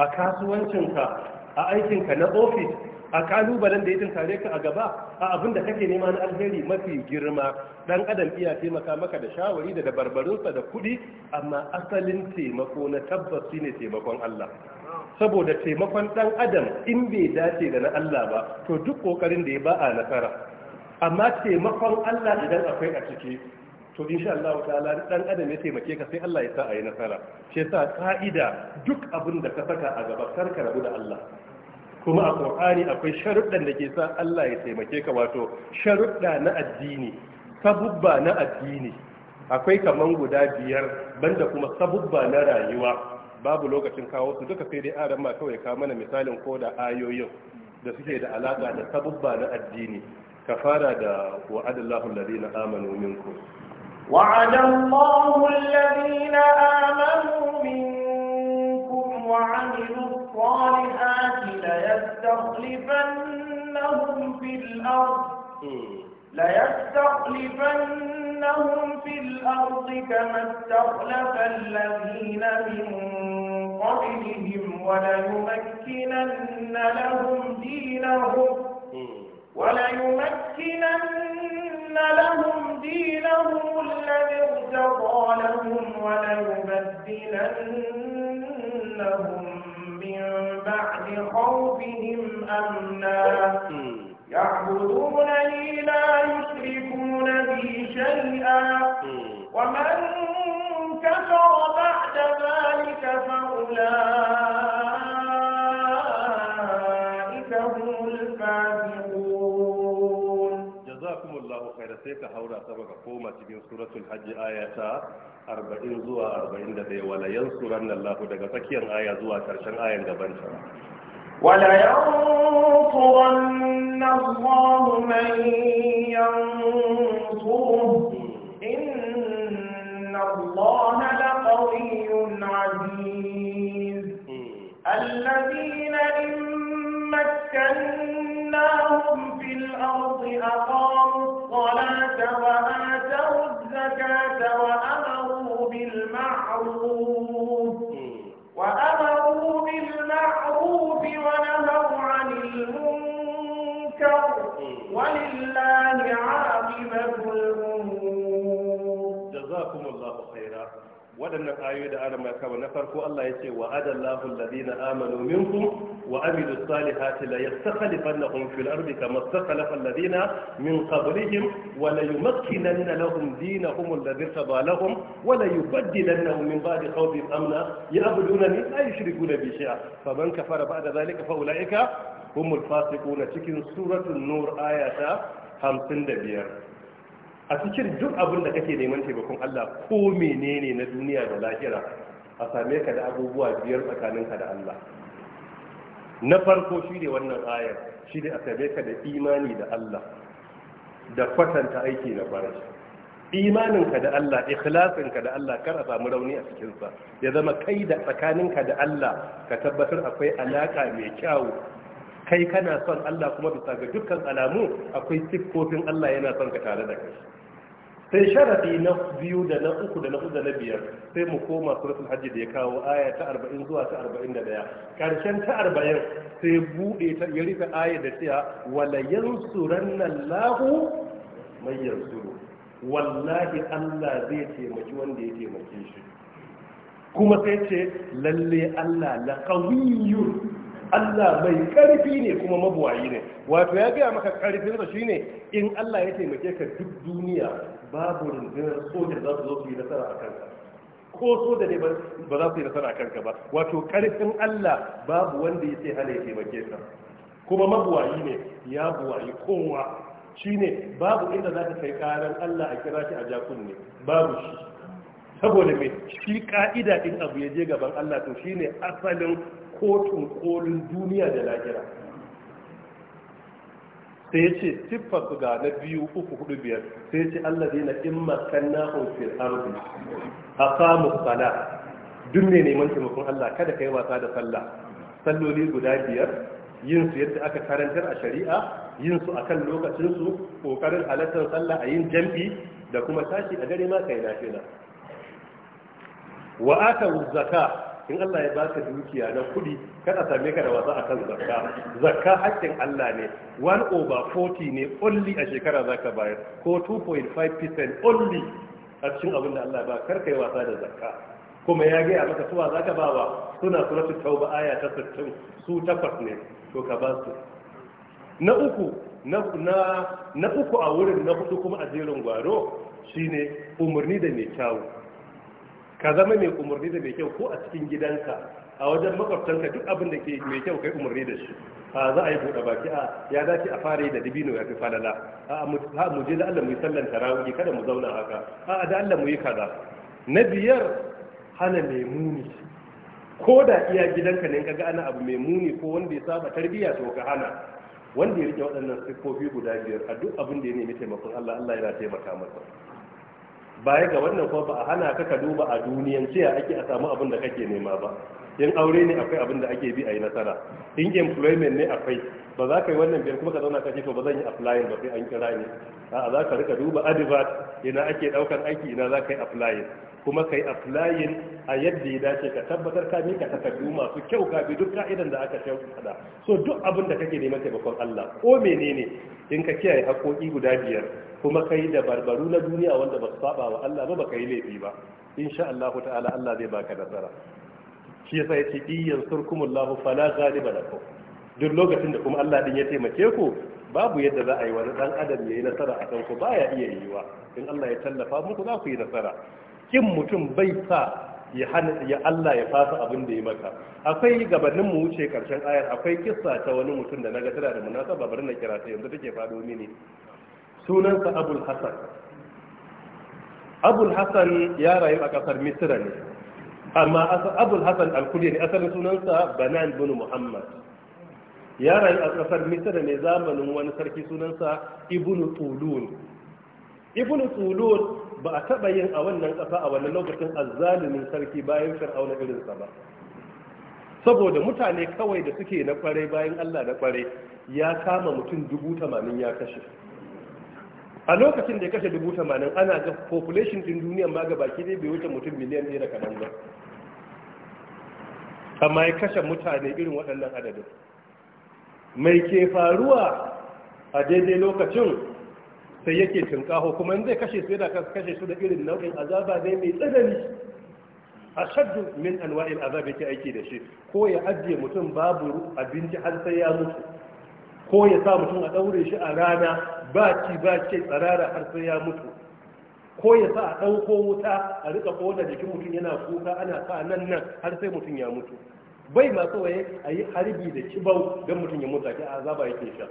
a kasuwancinka a aikinka na ofis a kalubalen da ya tare ka a gaba a abin da kake nema na alheri mafi girma dan adam iya taimaka maka da shawari da dabarbarunsa da kuɗi amma asalin taimako na tabbas ne taimakon Allah saboda taimakon dan adam in bai dace da na Allah ba to duk kokarin da ya ba a nasara amma taimakon Allah idan akwai a ciki to insha Allah ta'ala dan adam ya taimake ka sai Allah ya sa a yi nasara shi yasa ka'ida duk abin da ka saka a gaba karka rabu da Allah kuma a ƙur'ani akwai sharuɗan da ke sa Allah ya taimake ka wato sharuɗa na addini sabubba na addini akwai kamar guda biyar banda kuma sabubba na rayuwa babu lokacin kawo su duka sai dai aran ma kawai ka mana misalin ko da ayoyin da suke da alaƙa da sabubba na addini ka fara da wa'adallahu alladhina amanu minkum adallahu alladhina amanu minkum وعملوا الصالحات ليستخلفنهم في الأرض ليستخلفنهم في الأرض كما استخلف الذين من قبلهم وليمكنن لهم دينهم وليمكنن لهم دينهم الذي ارتضى لهم وليبدلنهم من بعد خوفهم أمنا يعبدونني لا يشركون بي شيئا ومن كفر بعد ذلك فأولئك sai ka haura sama ka koma cikin suratul hajji aya ta 40 zuwa 41 wala yansuranna Lahu daga tsakiyar aya zuwa karshen ayan gaban ta wala yansuranna Allahu man yansuruhu inna Allaha laqawiyyun aziz hmm. alladhina in makkannahum fil ardi aqamu الصلاة وآتوا الزكاة وأمروا waɗannan ayoyi da ana mai kama na farko Allah ya ce wa adallahu alladhina amanu minkum wa amilu salihati la yastakhlifannahum fil ardi kama istakhlafa alladhina min qablihim wa la yumakkinanna lahum dinahum alladhi qada lahum wa la yubaddilannahum min ba'di khawfihim amna ya'budunani la yushrikuna bi shay'a faman kafara ba'da dhalika fa ulaika humul fasiquna cikin suratul nur ayata 55 a cikin duk abin da kake neman taimakon Allah ko menene na duniya da lahira a same ka da abubuwa biyar tsakaninka da Allah na farko shi ne wannan ayar shi ne a same ka da imani da Allah da kwatanta aiki na farai imaninka da Allah ikhlasinka da Allah kar a samu rauni a cikinsa ya zama kai da tsakaninka da Allah ka tabbatar akwai alaka mai kyawu kai kana son Allah kuma bisa ga dukkan alamu akwai siffofin Allah yana son ka tare da kai sai sharadi na biyu da na uku da na uku da na biyar sai mu koma suratul hajji da ya kawo aya ta arba'in zuwa ta arba'in da karshen ta arba'in sai bude ta ya rufe aya da cewa wala yansuranna lahu, mai yansuru wallahi Allah zai taimaki wanda ya taimake shi kuma sai ce lalle Allah la qawiyyun Allah mai ƙarfi ne kuma mabuwayi ne wato ya gaya maka ƙarfin sa shine in Allah ya taimake ka duk duniya babu rundunar soja za su zo su yi nasara a kanka ko soja ne ba za su yi nasara a kanka ba wato ƙarfin Allah babu wanda ya ce hana ya taimake ka kuma mabuwayi ne ya buwayi kowa shine babu inda za ka kai ƙaran Allah a kira shi a jakun ne babu shi saboda mai shi ka'ida din abu ya je gaban Allah to shine asalin kotun kolin duniya da lahira sai ya ce siffar su ga na biyu uku hudu biyar sai ya ce Allah zai na in makanna hufil arzu a samu sala duk ne neman taimakon Allah kada kai yi wasa da sallah salloli guda biyar yin su yadda aka karantar a shari'a yin su akan lokacin su kokarin halartar sallah a yin jam'i da kuma tashi a dare ma kai lafiya wa aka zakka in Allah ya baka dukiya na kudi kada same ka da wasa akan zakka zakka hakkin Allah ne 1 over 40 ne only a shekara zaka bayar ko 2.5% only a cikin abin da Allah ya karka yi wasa da zakka kuma ya gaya maka suwa zaka wa suna suratul tauba aya ta 60 su takwas ne to ka ba su na uku na na uku a wurin na hudu kuma a jerin gwaro shine umarni da mai kyawu ka zama mai umarni da mai kyau ko a cikin gidanka a wajen makwabtanka duk abin da ke mai kyau kai umarni da shi a za a yi buɗe baki a ya dace a fara yi da dibino ya fi falala a mu je da Allah mu yi sallan tarawih kada mu zauna haka a da Allah mu yi kaza na biyar hana mai muni ko da iya gidanka ne kaga ana abu mai muni ko wanda ya saba tarbiyya to ka hana wanda ya rike waɗannan siffofi guda biyar a duk abin da ya nemi taimakon Allah Allah yana taimaka masa baya ga wannan kuma ba a hana ka ka duba a duniyan ce ake a samu abin da kake nema ba in aure ne akwai abin da ake bi a yi nasara in employment ne akwai ba za ka yi wannan biyar kuma ka zauna ka ce to ba zan yi applying ba sai an kira ni a za ka rika duba advert ina ake daukar aiki ina za ka yi applying kuma ka yi applying a yadda ya dace ka tabbatar ka mika takardu masu kyau ka bi duk ka'idan da aka faɗa so duk abin da kake neman taimakon Allah ko menene in ka kiyaye haƙoƙi guda biyar kuma ka yi dabarbaru na duniya wanda ba su saba wa Allah ba ba ka yi laifi ba insha Allah ta'ala Allah zai baka nasara shi yasa yace iyyan surkumullahu fala ghaliba lakum duk lokacin da kuma Allah din ya taimake ku babu yadda za a yi wani dan adam ya yi nasara a kanku baya iya yiwa in Allah ya tallafa muku za ku yi nasara kin mutum bai sa ya hana ya Allah ya fasa abin da ya maka akwai gabanin mu wuce karshen ayar akwai kissa ta wani mutum da naga tana da munasaba bari na kira ta yanzu take fado mini sunansa Abul Hasan Abul Hasan ya rayu a kasar Misra ne amma Abul Hasan al-Kulli ne asalin sunansa Banan bin Muhammad ya rayu a ƙasar misir ne zamanin wani sarki sunansa ibnu tulun ibnu tulun ba a taɓa yin a wannan ƙasa a wannan lokacin azzalumin sarki bayan fir'auna sa ba saboda mutane kawai da suke na kware bayan allah na kware ya kama mutum dubu tamanin ya kashe a lokacin da ya kashe dubu tamanin ana ga population ɗin duniya ma ga baki dai bai wuce mutum miliyan ɗaya da kaɗan ba amma ya kashe mutane irin waɗannan adadin mai ke faruwa a daidai lokacin sai yake tunkaho kuma in zai kashe su yana kashe su da irin nau'in azaba zai mai tsanani a shaddu min anwa'il azaba yake aiki da shi ko ya ajiye mutum babu abinci har sai ya mutu ko ya sa mutum a ɗaure shi a rana ba ci ba ce tsarara har sai ya mutu ko ya sa a ɗauko wuta a rika ƙona jikin mutum yana kuka ana sa nan nan har sai mutum ya mutu bai ma waye a yi harbi da kibau don mutum ya mutu a azaba yake sha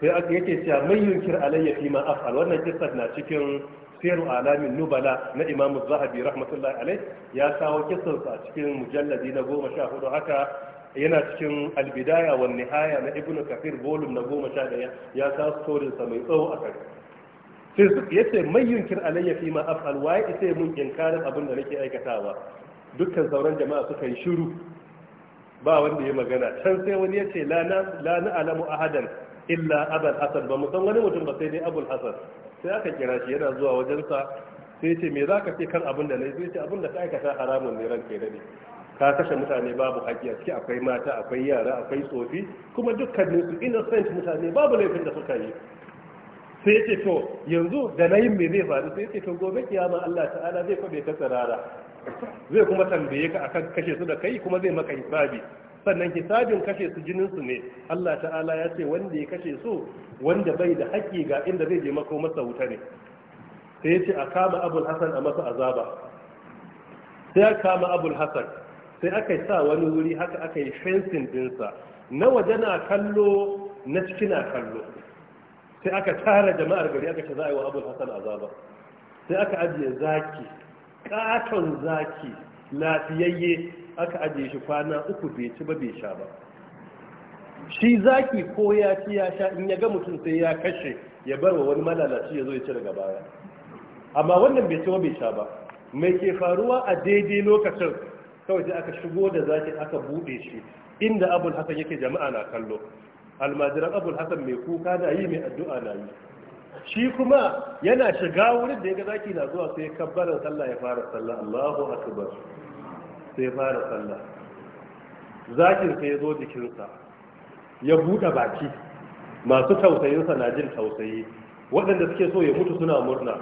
sai aka yake cewa mai yunkir alayya fi ma af'al wannan kissar na cikin siru alamin nubala na imamu zahabi rahmatullahi alayhi ya kawo kissar sa cikin mujalladi na goma sha hudu haka yana cikin albidaya wa nihaya na ibnu kafir volume na goma sha daya ya kawo storin sa mai tsawo a kai sai ya mai yunkir alayya fi ma af'al waye sai mun inkarin abin da nake aikatawa dukkan sauran jama'a suka yi shiru ba wanda ya magana can sai wani ya ce la na alamu ahadan illa abul hasan ba san wani mutum ba sai dai abul hasan sai aka kira shi yana zuwa wajensa sai ce me za ka ce kan abin da na yi? sai ce abin da ka aikata haramun ne ran kai da ne ka kashe mutane babu haƙƙi a ciki akwai mata akwai yara akwai tsofi kuma dukkanin su innocent mutane babu laifin da suka yi sai ce to yanzu da na yi me zai faru sai ya ce to gobe kiyama Allah ta'ala zai kwabe ta tsirara zai kuma tambaye ka akan kashe su da kai kuma zai maka hisabi sannan hisabin kashe su jinin su ne Allah ta'ala ya ce wanda ya kashe su wanda bai da haƙƙi ga inda zai je maka masa wuta ne sai ya ce a kama abul hasan a masa azaba sai a kama abul hasan sai aka sa wani wuri haka aka yi fencing dinsa na waje na kallo na ciki na kallo sai aka tara jama'ar gari aka ce za a yi wa abul hasan azaba sai aka ajiye zaki katon zaki lafiyayye aka ajiye shi kwana uku bai ci ba bai sha ba shi zaki ko ya ci ya sha in ya ga mutum sai ya kashe ya bar wa wani malalaci ya zo ya ci daga baya amma wannan bai ci ba bai sha ba mai ke faruwa a daidai lokacin kawai sai aka shigo da zaki aka buɗe shi inda abul hasan yake jama'a na kallo almajiran abul hasan mai kuka na yi mai addu'a na yi shi kuma yana shiga wurin da ya ga zaki na zuwa sai kabbalar sallah ya fara sallah Allahu akbar sai fara sallah zakin sai ya zo jikinsa ya buɗe baki masu tausayinsa na jin tausayi waɗanda suke so ya mutu suna murna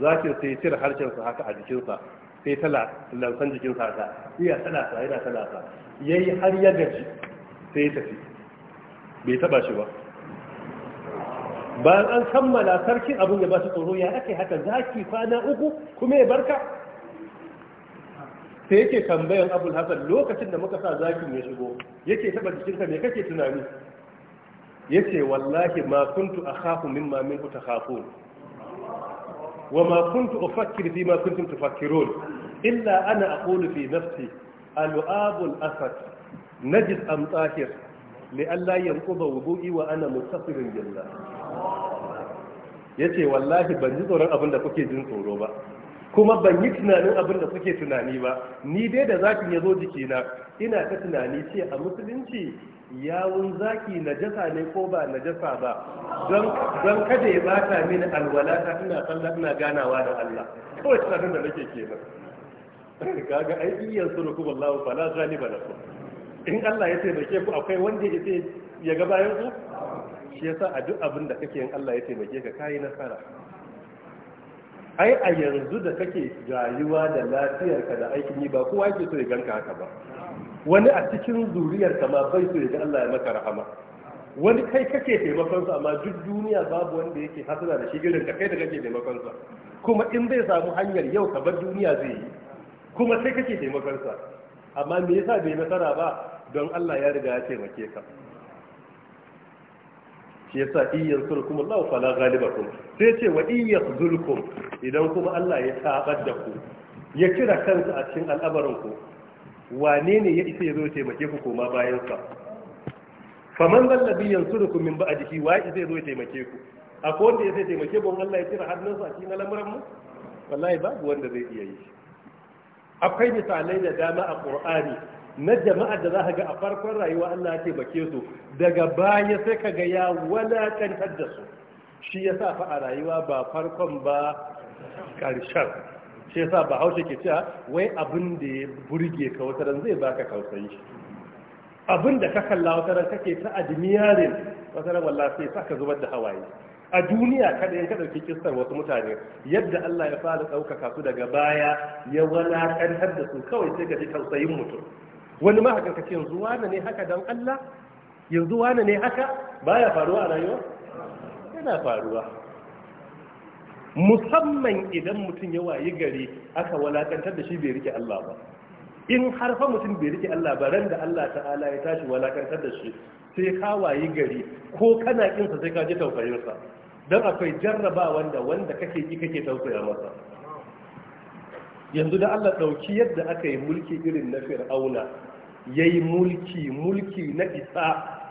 zakin sai ya cire sa haka a jikinsa sai tala lansan jikinsa ta iya talata yana talata yayi har ya gaji sai ya tafi bai taba shi ba ba an kammala sarkin abin ya ba su tsoro ya ake haka zaki kwana uku kuma ya barka sai yake tambayan abul hasan lokacin da muka sa zakin ya shigo yake taba jikinka me kake tunani yace wallahi ma kuntu akhafu mimma minku takhafun wa ma kuntu fi ma kuntum tufakkirun illa ana aqulu fi nafsi alu'abul asad najis am tahir li alla yanquba wudu'i wa ana mustaqirin ya ce wallahi ban ji tsoron abin da kuke jin tsoro ba kuma ban yi tunanin abin da kuke tunani ba ni dai da zafin ya zo jikina ina ta tunani ce a musulunci yawun zaki najasa ne ko ba najasa ba don kada ya bata mini alwalata ina sallah ina ganawa da Allah kawai tunanin da nake kenan <laughs> kaga ai iyan suruku zani ba ghaliba lakum in Allah ya ce taimake ku akwai wanda ya ya ga bayan ku shi yasa a duk abin da kake yin Allah ya taimake ka kayi nasara ai a yanzu da kake rayuwa da lafiyarka da aikin yi ba kowa yake so ya ganka haka ba wani a cikin zuriyar ka ma bai so ya ga Allah ya maka rahama wani kai kake taimakon sa amma duk duniya babu wanda yake hasala da shi irin ka kai da kake taimakon kuma in bai samu hanyar yau ka bar duniya zai yi kuma sai kake taimakon sa amma me yasa bai nasara ba don Allah ya riga ya taimake ka shi yasa in yansurkum Allah fala ghalibakum sai ce wa in yakhzulkum idan kuma Allah ya tabar da ku ya kira kansa a cikin al'amarin ku wane ne ya isa ya zo taimake ku koma bayan sa faman dal ladhi yansurukum min ba'dihi wa isa yazo zo taimake ku akwai wanda ya sai taimake mu Allah ya kira hannunsa a cikin al'amarin mu wallahi babu wanda zai iya yi akwai misalai da dama a Qur'ani na jama'a da za ka ga a farkon rayuwa Allah ya taimake su daga baya sai ka ga ya walakantar da su shi ya sa fa a rayuwa ba farkon ba ƙarshen shi ya sa ba haushe ke cewa wai abin da ya burge ka wata ran zai baka kausayi abin da ka kalla wata ran kake ta admiring wata ran wallahi sai ka zubar da hawaye a duniya kada yin kadauki kistar wasu mutane yadda Allah ya fara ɗaukaka su daga baya ya walakantar da su kawai sai ka ji tausayin mutum wani ma haka kace yanzu wani ne haka dan Allah yanzu wani ne haka baya faruwa a rayuwa yana faruwa musamman idan mutum ya wayi gari aka walakantar da shi bai rike Allah ba in har fa mutum bai rike Allah ba ran da Allah ta'ala ya tashi walakantar da shi sai ka wayi gari ko kana kinsa sai ka ji tausayinsa don akwai jarraba wanda wanda kake ki kake tausaya masa yanzu da Allah ɗauki yadda aka yi mulki irin na fir'auna ya yi mulki mulki na isa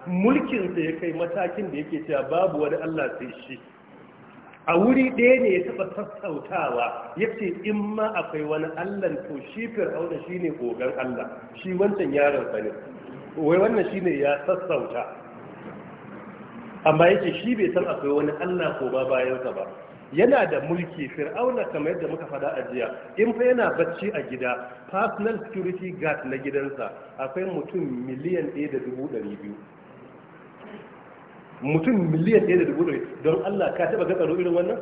mulkinsa ya kai matakin da yake cewa babu wani allah sai shi a wuri ɗaya ne ya taɓa sassautawa ya ce in ma akwai wani Allah to shi fir'auna shi ne gogon allah shi wancan yaron sa ne wai wannan shi ne ya sassauta amma ya ce shi bai san akwai wani allah ko ba bayansa ba yana da mulki fir'auna kamar yadda muka fada a jiya in fa yana bacci a gida personal security guard na gidansa akwai mutum miliyan ɗaya da dubu ɗari biyu mutum miliyan ɗaya da dubu ɗari don allah ka taɓa ga tsaro irin wannan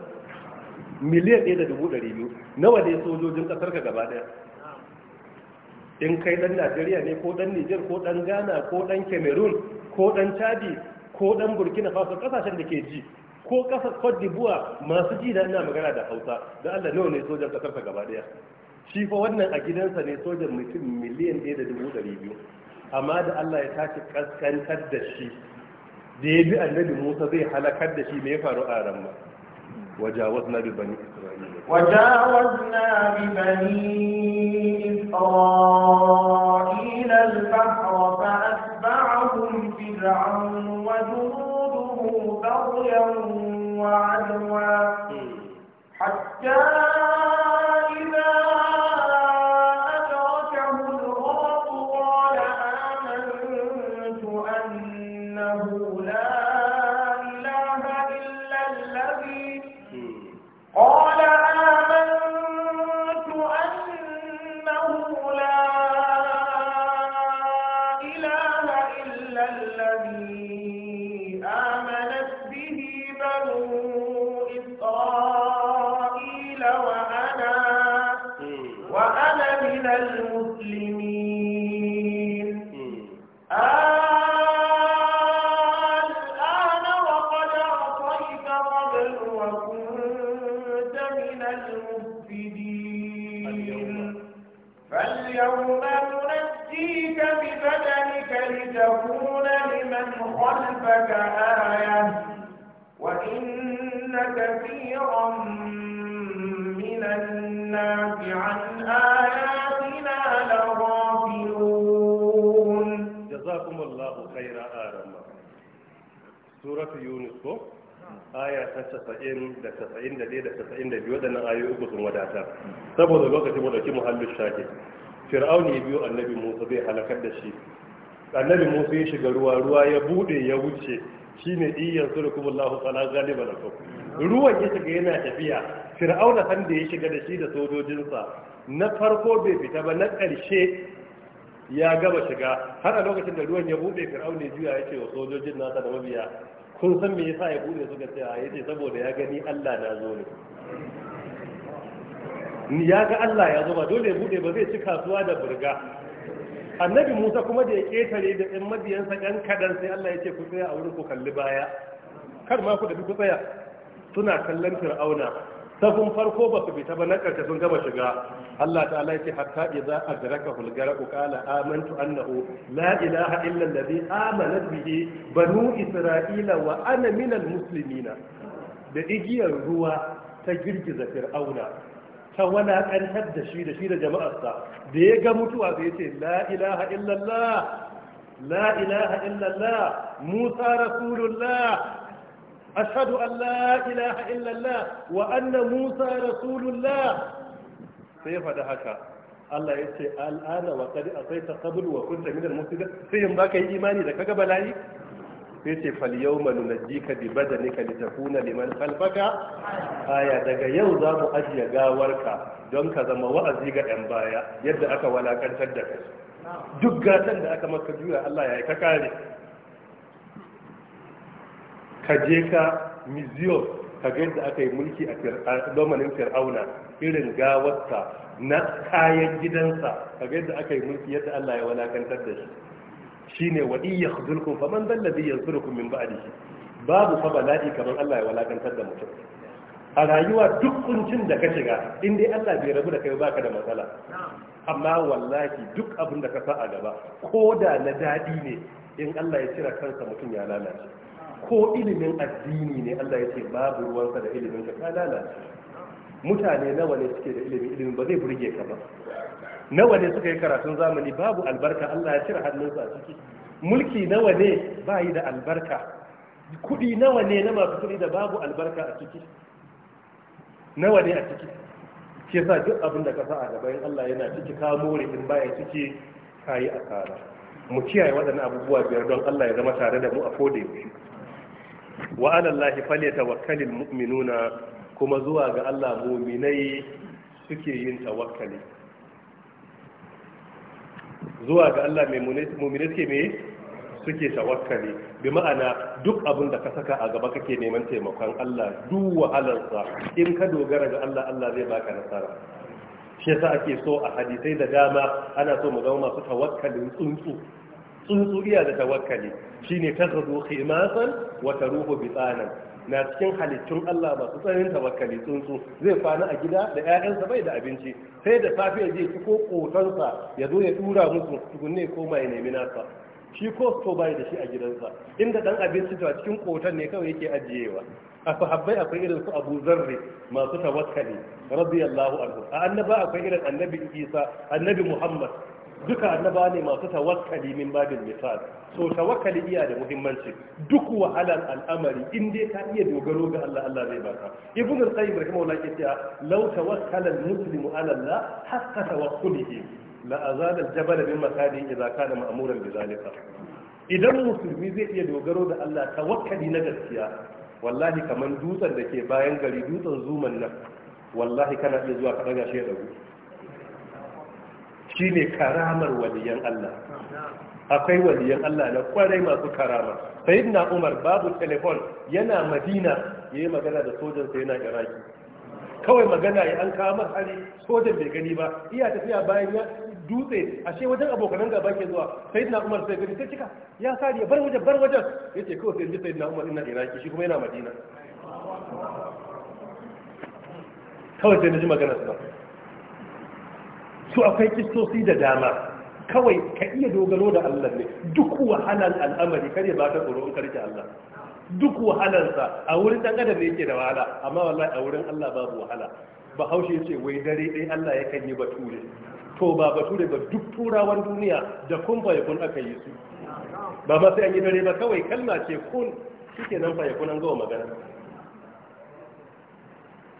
miliyan ɗaya da dubu ɗari biyu nawa ne sojojin ƙasar ka gaba ɗaya in kai ɗan najeriya ne ko ɗan niger ko ɗan ghana ko ɗan cameroon ko ɗan chadi ko ɗan burkina faso ƙasashen da ke ji ko ƙasar Cote masu ji ina magana da Hausa da Allah nawa ne sojan ƙasar ta gaba daya shi fa wannan a gidansa ne sojan mutum miliyan ɗaya da dubu ɗari biyu amma da Allah ya tashi kaskantar da shi da ya bi annabi Musa zai halakar da shi mai faru a ran وجاوزنا ببني إسرائيل وجاوزنا ببني إسرائيل البحر فأتبعهم فرعون وجنود بغيا وعدوا حتى يوم ننجيك ببدنك لتكون لمن خلفك آية وإن كثيرا من الناس عن آياتنا لغافلون جزاكم الله خيرا آرما سورة يونس aya ta casa'in da casa'in da ɗaya da casa'in da biyu waɗannan ayoyi uku sun wadata saboda lokacin mu ɗauki muhallin shaƙi fir'auni ya biyo annabi musa zai halakar da shi annabi musa ya shiga ruwa ruwa ya bude ya wuce shine iyan surkumullahu galiba da kofi ruwan ya shiga yana tafiya fir'auna san da ya shiga da shi da sojojinsa na farko bai fita ba na ƙarshe ya gaba shiga har a lokacin da ruwan ya bude fir'auna juya ya ce wa sojojin nasa da mabiya kun san me yasa ya bude suka ce a yace saboda ya gani Allah na zo ne Ni ya ga Allah ya zuba. dole ya bude ba zai ci kasuwa da burga annabi Musa kuma da ya ketare da ɗan madiyansa ɗan kaɗan sai Allah ya ce ku tsaya a wurin ku kalli baya kar ma ku da ku tsaya suna kallon fir'auna safin farko ba su fita ba na ƙarshe sun gaba shiga Allah ta'ala ce hatta idza adraka hulgara qala amantu annahu la ilaha illa alladhi amanat bihi banu isra'ila wa ana minal muslimina da igiyar ruwa ta girgiza fir'auna ta walakantar da shi da shi da jama'arsa da ya ga mutuwa sai ce la ilaha illallah la ilaha illallah musa rasulullah ashadu an la ilaha illallah wa anna musa rasulullah sai ya faɗi haka Allah ya ce al'ana wa qad asaita qabl wa kunta min al sai in baka yi imani da kaga bala'i sai ce fal ji ka bi ka litakuna liman kalfaka aya daga yau za mu ajiye gawarka don ka zama wa'azi ga yan baya yadda aka walakantar da kai duk gatan da aka maka juya Allah ya yi ka kare ka je ka museum ka ga yadda aka yi mulki a domanin fir'auna irin gawarsa na kayan gidansa ka ga yadda aka yi mulki yadda Allah ya walakantar da shi shine wa iya khudulkum faman dalla bi yansurukum min shi. babu fa bala'i kamar Allah ya walakantar da mutum a rayuwa duk kuncin da ka shiga in dai Allah bai rabu da kai baka da matsala amma wallahi duk abin da ka sa a gaba ko da na dadi ne in Allah ya cira kansa mutum ya lalace ko ilimin addini ne Allah ya ce babu ruwansa da ilimin ka lalace mutane nawa ne suke da ilimin ilimin ba zai burge ka ba nawa ne suka yi karatun zamani babu albarka Allah ya cire hannunsu a ciki mulki nawa ne ba yi da albarka kuɗi nawa ne na masu kuɗi da babu albarka a ciki nawa ne a ciki ke sa duk abin da ka sa a gaban Allah yana ciki ka more in baya ciki ka yi asara mu kiyaye waɗannan abubuwa biyar don Allah ya zama tare da mu a koda yaushe wa ala Allah falyatawakkalul mu'minuna kuma zuwa ga Allah mu'minai suke yin tawakkali zuwa ga Allah mai mu'mini suke mai suke tawakkali bi ma'ana duk abin da ka saka a gaba kake neman taimakon Allah duk wahalarsa in ka dogara ga Allah Allah zai baka nasara shi yasa ake so a hadisai da dama ana so mu zama masu tawakkalin tsuntsu tsuntsu iya da tawakkali shine takhudhu khimasan wa taruhu bitsanan na cikin halittun Allah masu tsananin tawakkali tsuntsu zai kwana a gida da ƴaƴansa bai da abinci sai da safiya zai ci ko kotansa ya zo ya dura musu tukunne ko mai nemi nasa shi ko to bai da shi a gidansa inda ɗan abinci ta cikin kotan ne kawai yake ajiyewa a sahabbai akwai irin su Abu Zarri masu tawakkali radiyallahu anhu a annaba akwai irin Annabi Isa Annabi Muhammad duka annaba ne masu tawakkali min babin misal so tawakkali iya da muhimmanci duk wahalar al'amari in dai ka iya dogaro ga Allah Allah zai baka ibn al-qayyim rahimahullah ke cewa law tawakkala al-muslimu ala Allah hatta tawakkulihi la azala al-jabal min makani idza kana ma'muran bi zalika idan musulmi zai iya dogaro da Allah tawakkali na gaskiya wallahi kaman dutsen da ke bayan gari dutsen zuman nan wallahi kana iya zuwa ka daga shi ya dagu Shi ne karamar waliyan Allah akwai waliyan Allah na kwarai masu karama na Umar babu telefon yana Madina ya yi magana da sojan sai yana Iraki kawai magana ya an kawo hari sojan bai gani ba iya tafiya bayan ya dutse ashe wajen abokanan gaba ke zuwa na Umar sai gani sai cika ya sari ya bar wajen bar wajen Ya ce, kawai sai na Umar ina Iraki shi kuma yana Madina kawai sai na ji su ba to akwai kistosi da dama kawai ka iya dogaro da Allah ne duk wahalan al'amari kare ba ta tsoro in karki Allah duk wahalansa a wurin dan adam ne yake da wahala amma wallahi a wurin Allah babu wahala bahaushe ce wai dare dai Allah yakan yi bature to ba bature ba duk turawan duniya da kun fa kun aka yi su ba ba sai an yi dare ba kawai kalma ce kun kike nan fa yakun an gawa magana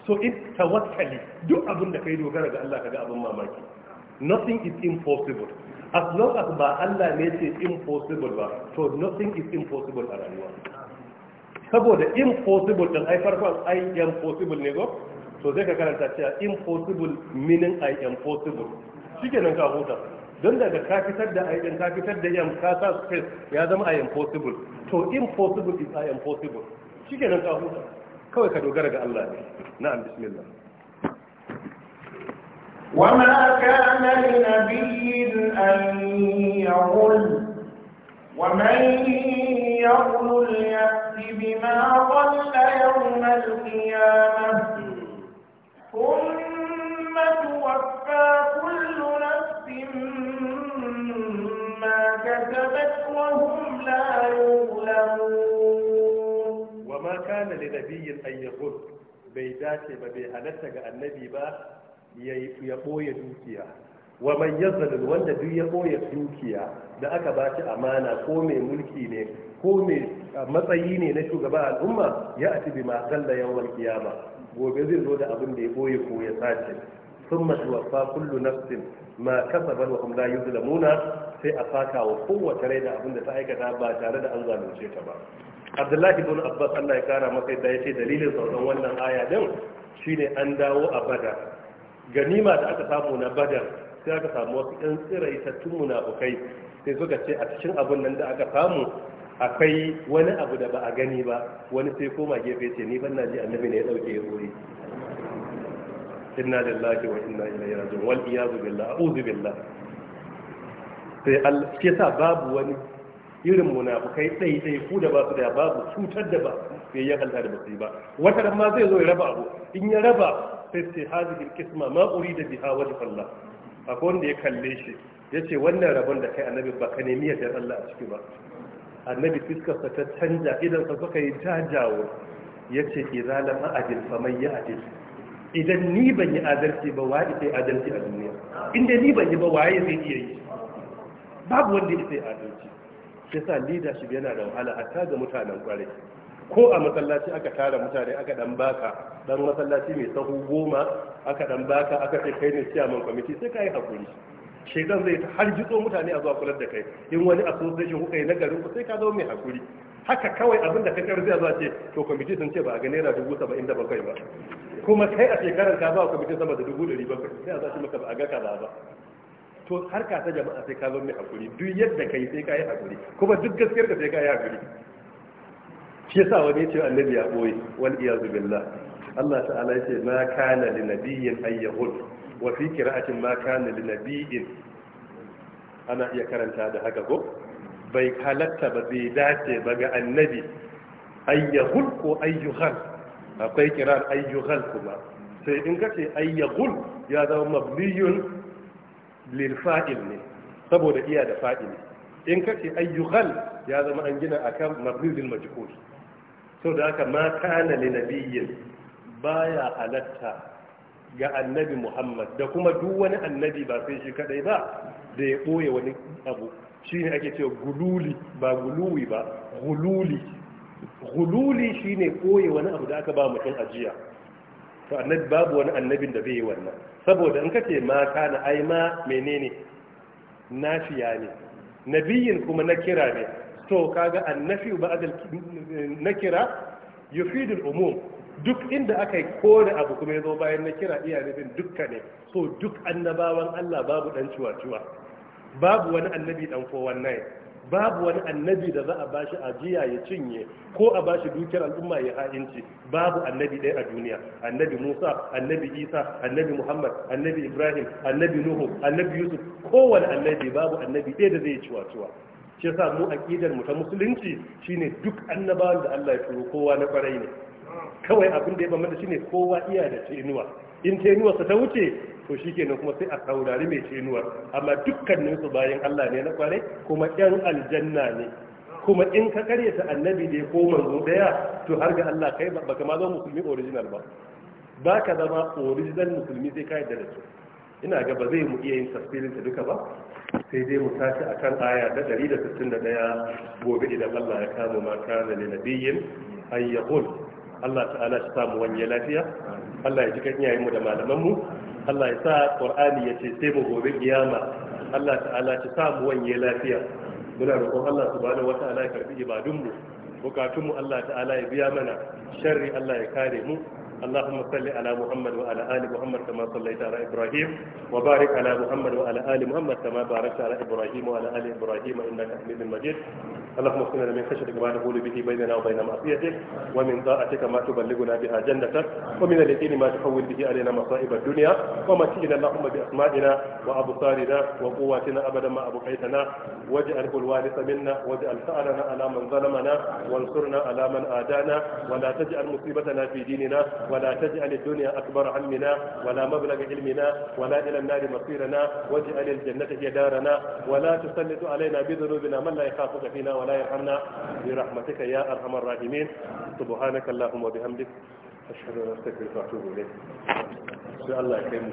so in tawakkali duk abin da kai dogara ga Allah kaga abin mamaki nothing is impossible as long as ba Allah ne ce impossible ba to nothing is impossible a rayuwa saboda impossible din ai farkon i am possible ne go to zai ka karanta cewa impossible meaning i am possible shikenan ka huta don daga ka fitar da i din ka fitar da am ka sa space ya zama i am possible to impossible is i am possible shikenan ka huta kawai ka dogara ga Allah ne na'am bismillah وما كان لنبي أن يغل ومن يغل يأت بما ضل يوم القيامة ثم توفى كل نفس ما كسبت وهم لا يظلمون وما كان لنبي أن يغل بيداتي ببيع بيهلتك النبي بقى ya ɓoye dukiya wa man yazzalul wanda duk ya ɓoye dukiya da aka ba shi amana ko mai mulki ne ko mai matsayi ne na shugaba al'umma ya ati bi ma kalla yawal kiyama gobe zai zo da abin da ya ɓoye ko ya sace sun matuwafa kullu nafsin ma kasaba wa hum la yuzlamuna sai a faka wa kowace rai da abin da ta aikata ba tare da an zalunce ta ba abdullahi ibn abbas allah ya kara masa da ya ce dalilin sauran wannan aya din shine an dawo a bada ganima da aka samu na badar sai aka samu wasu yan tsiraitattun munafukai sai suka ce a cikin abun nan da aka samu akwai wani abu da ba a gani ba wani sai koma gefe ce ni ban naji ji annabi ne ya dauke ya tsori inna lillahi wa inna ilaihi raji'un wal iyadu billah a'udhu billah sai al ke sa babu wani irin munafukai dai dai ku da ba su da babu cutar da ba sai ya halta da basu ba wata ran ma zai zo ya raba abu in ya raba sai ce hadhihi alqisma ma urida biha wajh Allah akwai wanda ya kalle shi yace wannan rabon da kai annabi ba ka nemi yardar Allah a ciki ba annabi fiskar sa ta canja idan sa suka yi tajawo yace idza lam a'dil faman ya'dil idan ni ban yi adalci ba wa ita adalci a duniya inda ni ban yi ba waye zai iya yi babu wanda sai adalci sai sa leadership yana da wahala hatta ga mutanen kwarai ko a masallaci aka tara mutane aka dan baka dan masallaci mai sahu goma aka dan baka aka ce kai ne chairman committee sai kai hakuri shedan zai ta har jitso mutane a zuwa kula da kai in wani association kuka yi na garin ku sai ka zo mai hakuri haka kawai abin da ka karbi a zuwa ce to committee sun ce ba a ga naira dubu saba'in da bakwai ba kuma kai a shekarar ka ba committee sama da dubu ɗari bakwai sai a zaci maka ba a ga ka ba ba to k'a ta jama'a sai ka zo mai hakuri duk yadda kai sai ka yi hakuri kuma duk gaskiyar ka sai ka yi hakuri shi yasa wani ya ce annabi ya boye wal iyazu billah Allah ta'ala yace ma kana lin nabiyyin ay wa fi qira'atin ma kana lin nabiyyin ana iya karanta da haka ko bai halatta ba bai dace ba ga annabi ayyahul ko ayyuhal akwai kiran ayyuhal kuma sai in ka ce ayyahul ya zama mabniyun lil fa'il ne saboda iya da fail in ka ce ayyuhal ya zama an gina akan mabniyun lil majhul sau da haka ma kana li baya halatta ga annabi Muhammad da kuma duk wani annabi ba sai shi kadai ba da ya boye wani abu shine ake cewa gululi ba guluwi ba gululi gululi shine boye wani abu da aka ba mutum ajiya to annabi babu wani annabin da bai yi wannan saboda in kace ma kana ai ma menene nafiya ne nabiyin kuma na kira ne to kaga annafi ba'd nakira yufidul umum duk inda aka yi kore abu kuma yazo bayan kira iya nufin dukka ne so duk annabawan Allah babu dan ciwa-ciwa babu wani annabi dan 419 babu wani annabi da za a bashi ajiya ya cinye ko a bashi dukiyar al'umma ya ha'inci babu annabi ɗaya a duniya annabi musa annabi isa annabi muhammad annabi ibrahim annabi nuhu annabi yusuf kowane annabi babu annabi ɗaya da zai ciwa-ciwa shi yasa mu aqidar mu ta musulunci shine duk annabawan da Allah ya turo kowa na kwarai ne kawai abin da ya bambanta shine kowa iya da tenuwa in cenuwa sa ta wuce to shikenan kuma sai a saurari mai tenuwar amma dukkanin su bayan Allah ne na kwarai kuma yan aljanna ne kuma in ka karyata annabi ne ko manzo daya to har ga Allah kai ka ma zama musulmi original ba ba ka zama original musulmi sai ka yarda da su ina ga ba zai mu iya yin tafsirin ta duka ba sai dai mu tashi akan aya da 161 gobe idan Allah ya kama ma kana lil nabiyyin ay yaqul Allah ta'ala shi samu wani lafiya Allah ya ji kan iyayenmu da malamanmu Allah ya sa Qur'ani ya ce sai mu gobe kiyama Allah ta'ala shi samu wani lafiya muna roƙon Allah subhanahu wata'ala ya karbi ibadunmu bukatunmu Allah ta'ala ya biya mana sharri Allah ya kare mu اللهم صل على محمد وعلى ال محمد كما صليت على ابراهيم وبارك على محمد وعلى ال محمد كما باركت على ابراهيم وعلى ال ابراهيم انك حميد مجيد اللهم اغفر لنا من خشيتك ما تقول به بيننا وبين معصيتك ومن طاعتك ما تبلغنا بها جنتك ومن اليقين ما تحول به علينا مصائب الدنيا ومتئنا اللهم باسمائنا وابصارنا وقواتنا ابدا ما ابقيتنا واجعله الوارث منا واجعل ثارنا على من ظلمنا وانصرنا على من عادانا ولا تجعل مصيبتنا في ديننا ولا تجعل الدنيا أكبر همنا ولا مبلغ علمنا ولا إلى النار مصيرنا واجعل الجنة هي دارنا ولا تسلط علينا بذنوبنا من لا يخافك فينا ولا يرحمنا برحمتك يا أرحم الراحمين سبحانك اللهم وبحمدك أشهد أن أستغفرك وأتوب إليك إن شاء الله يكرمك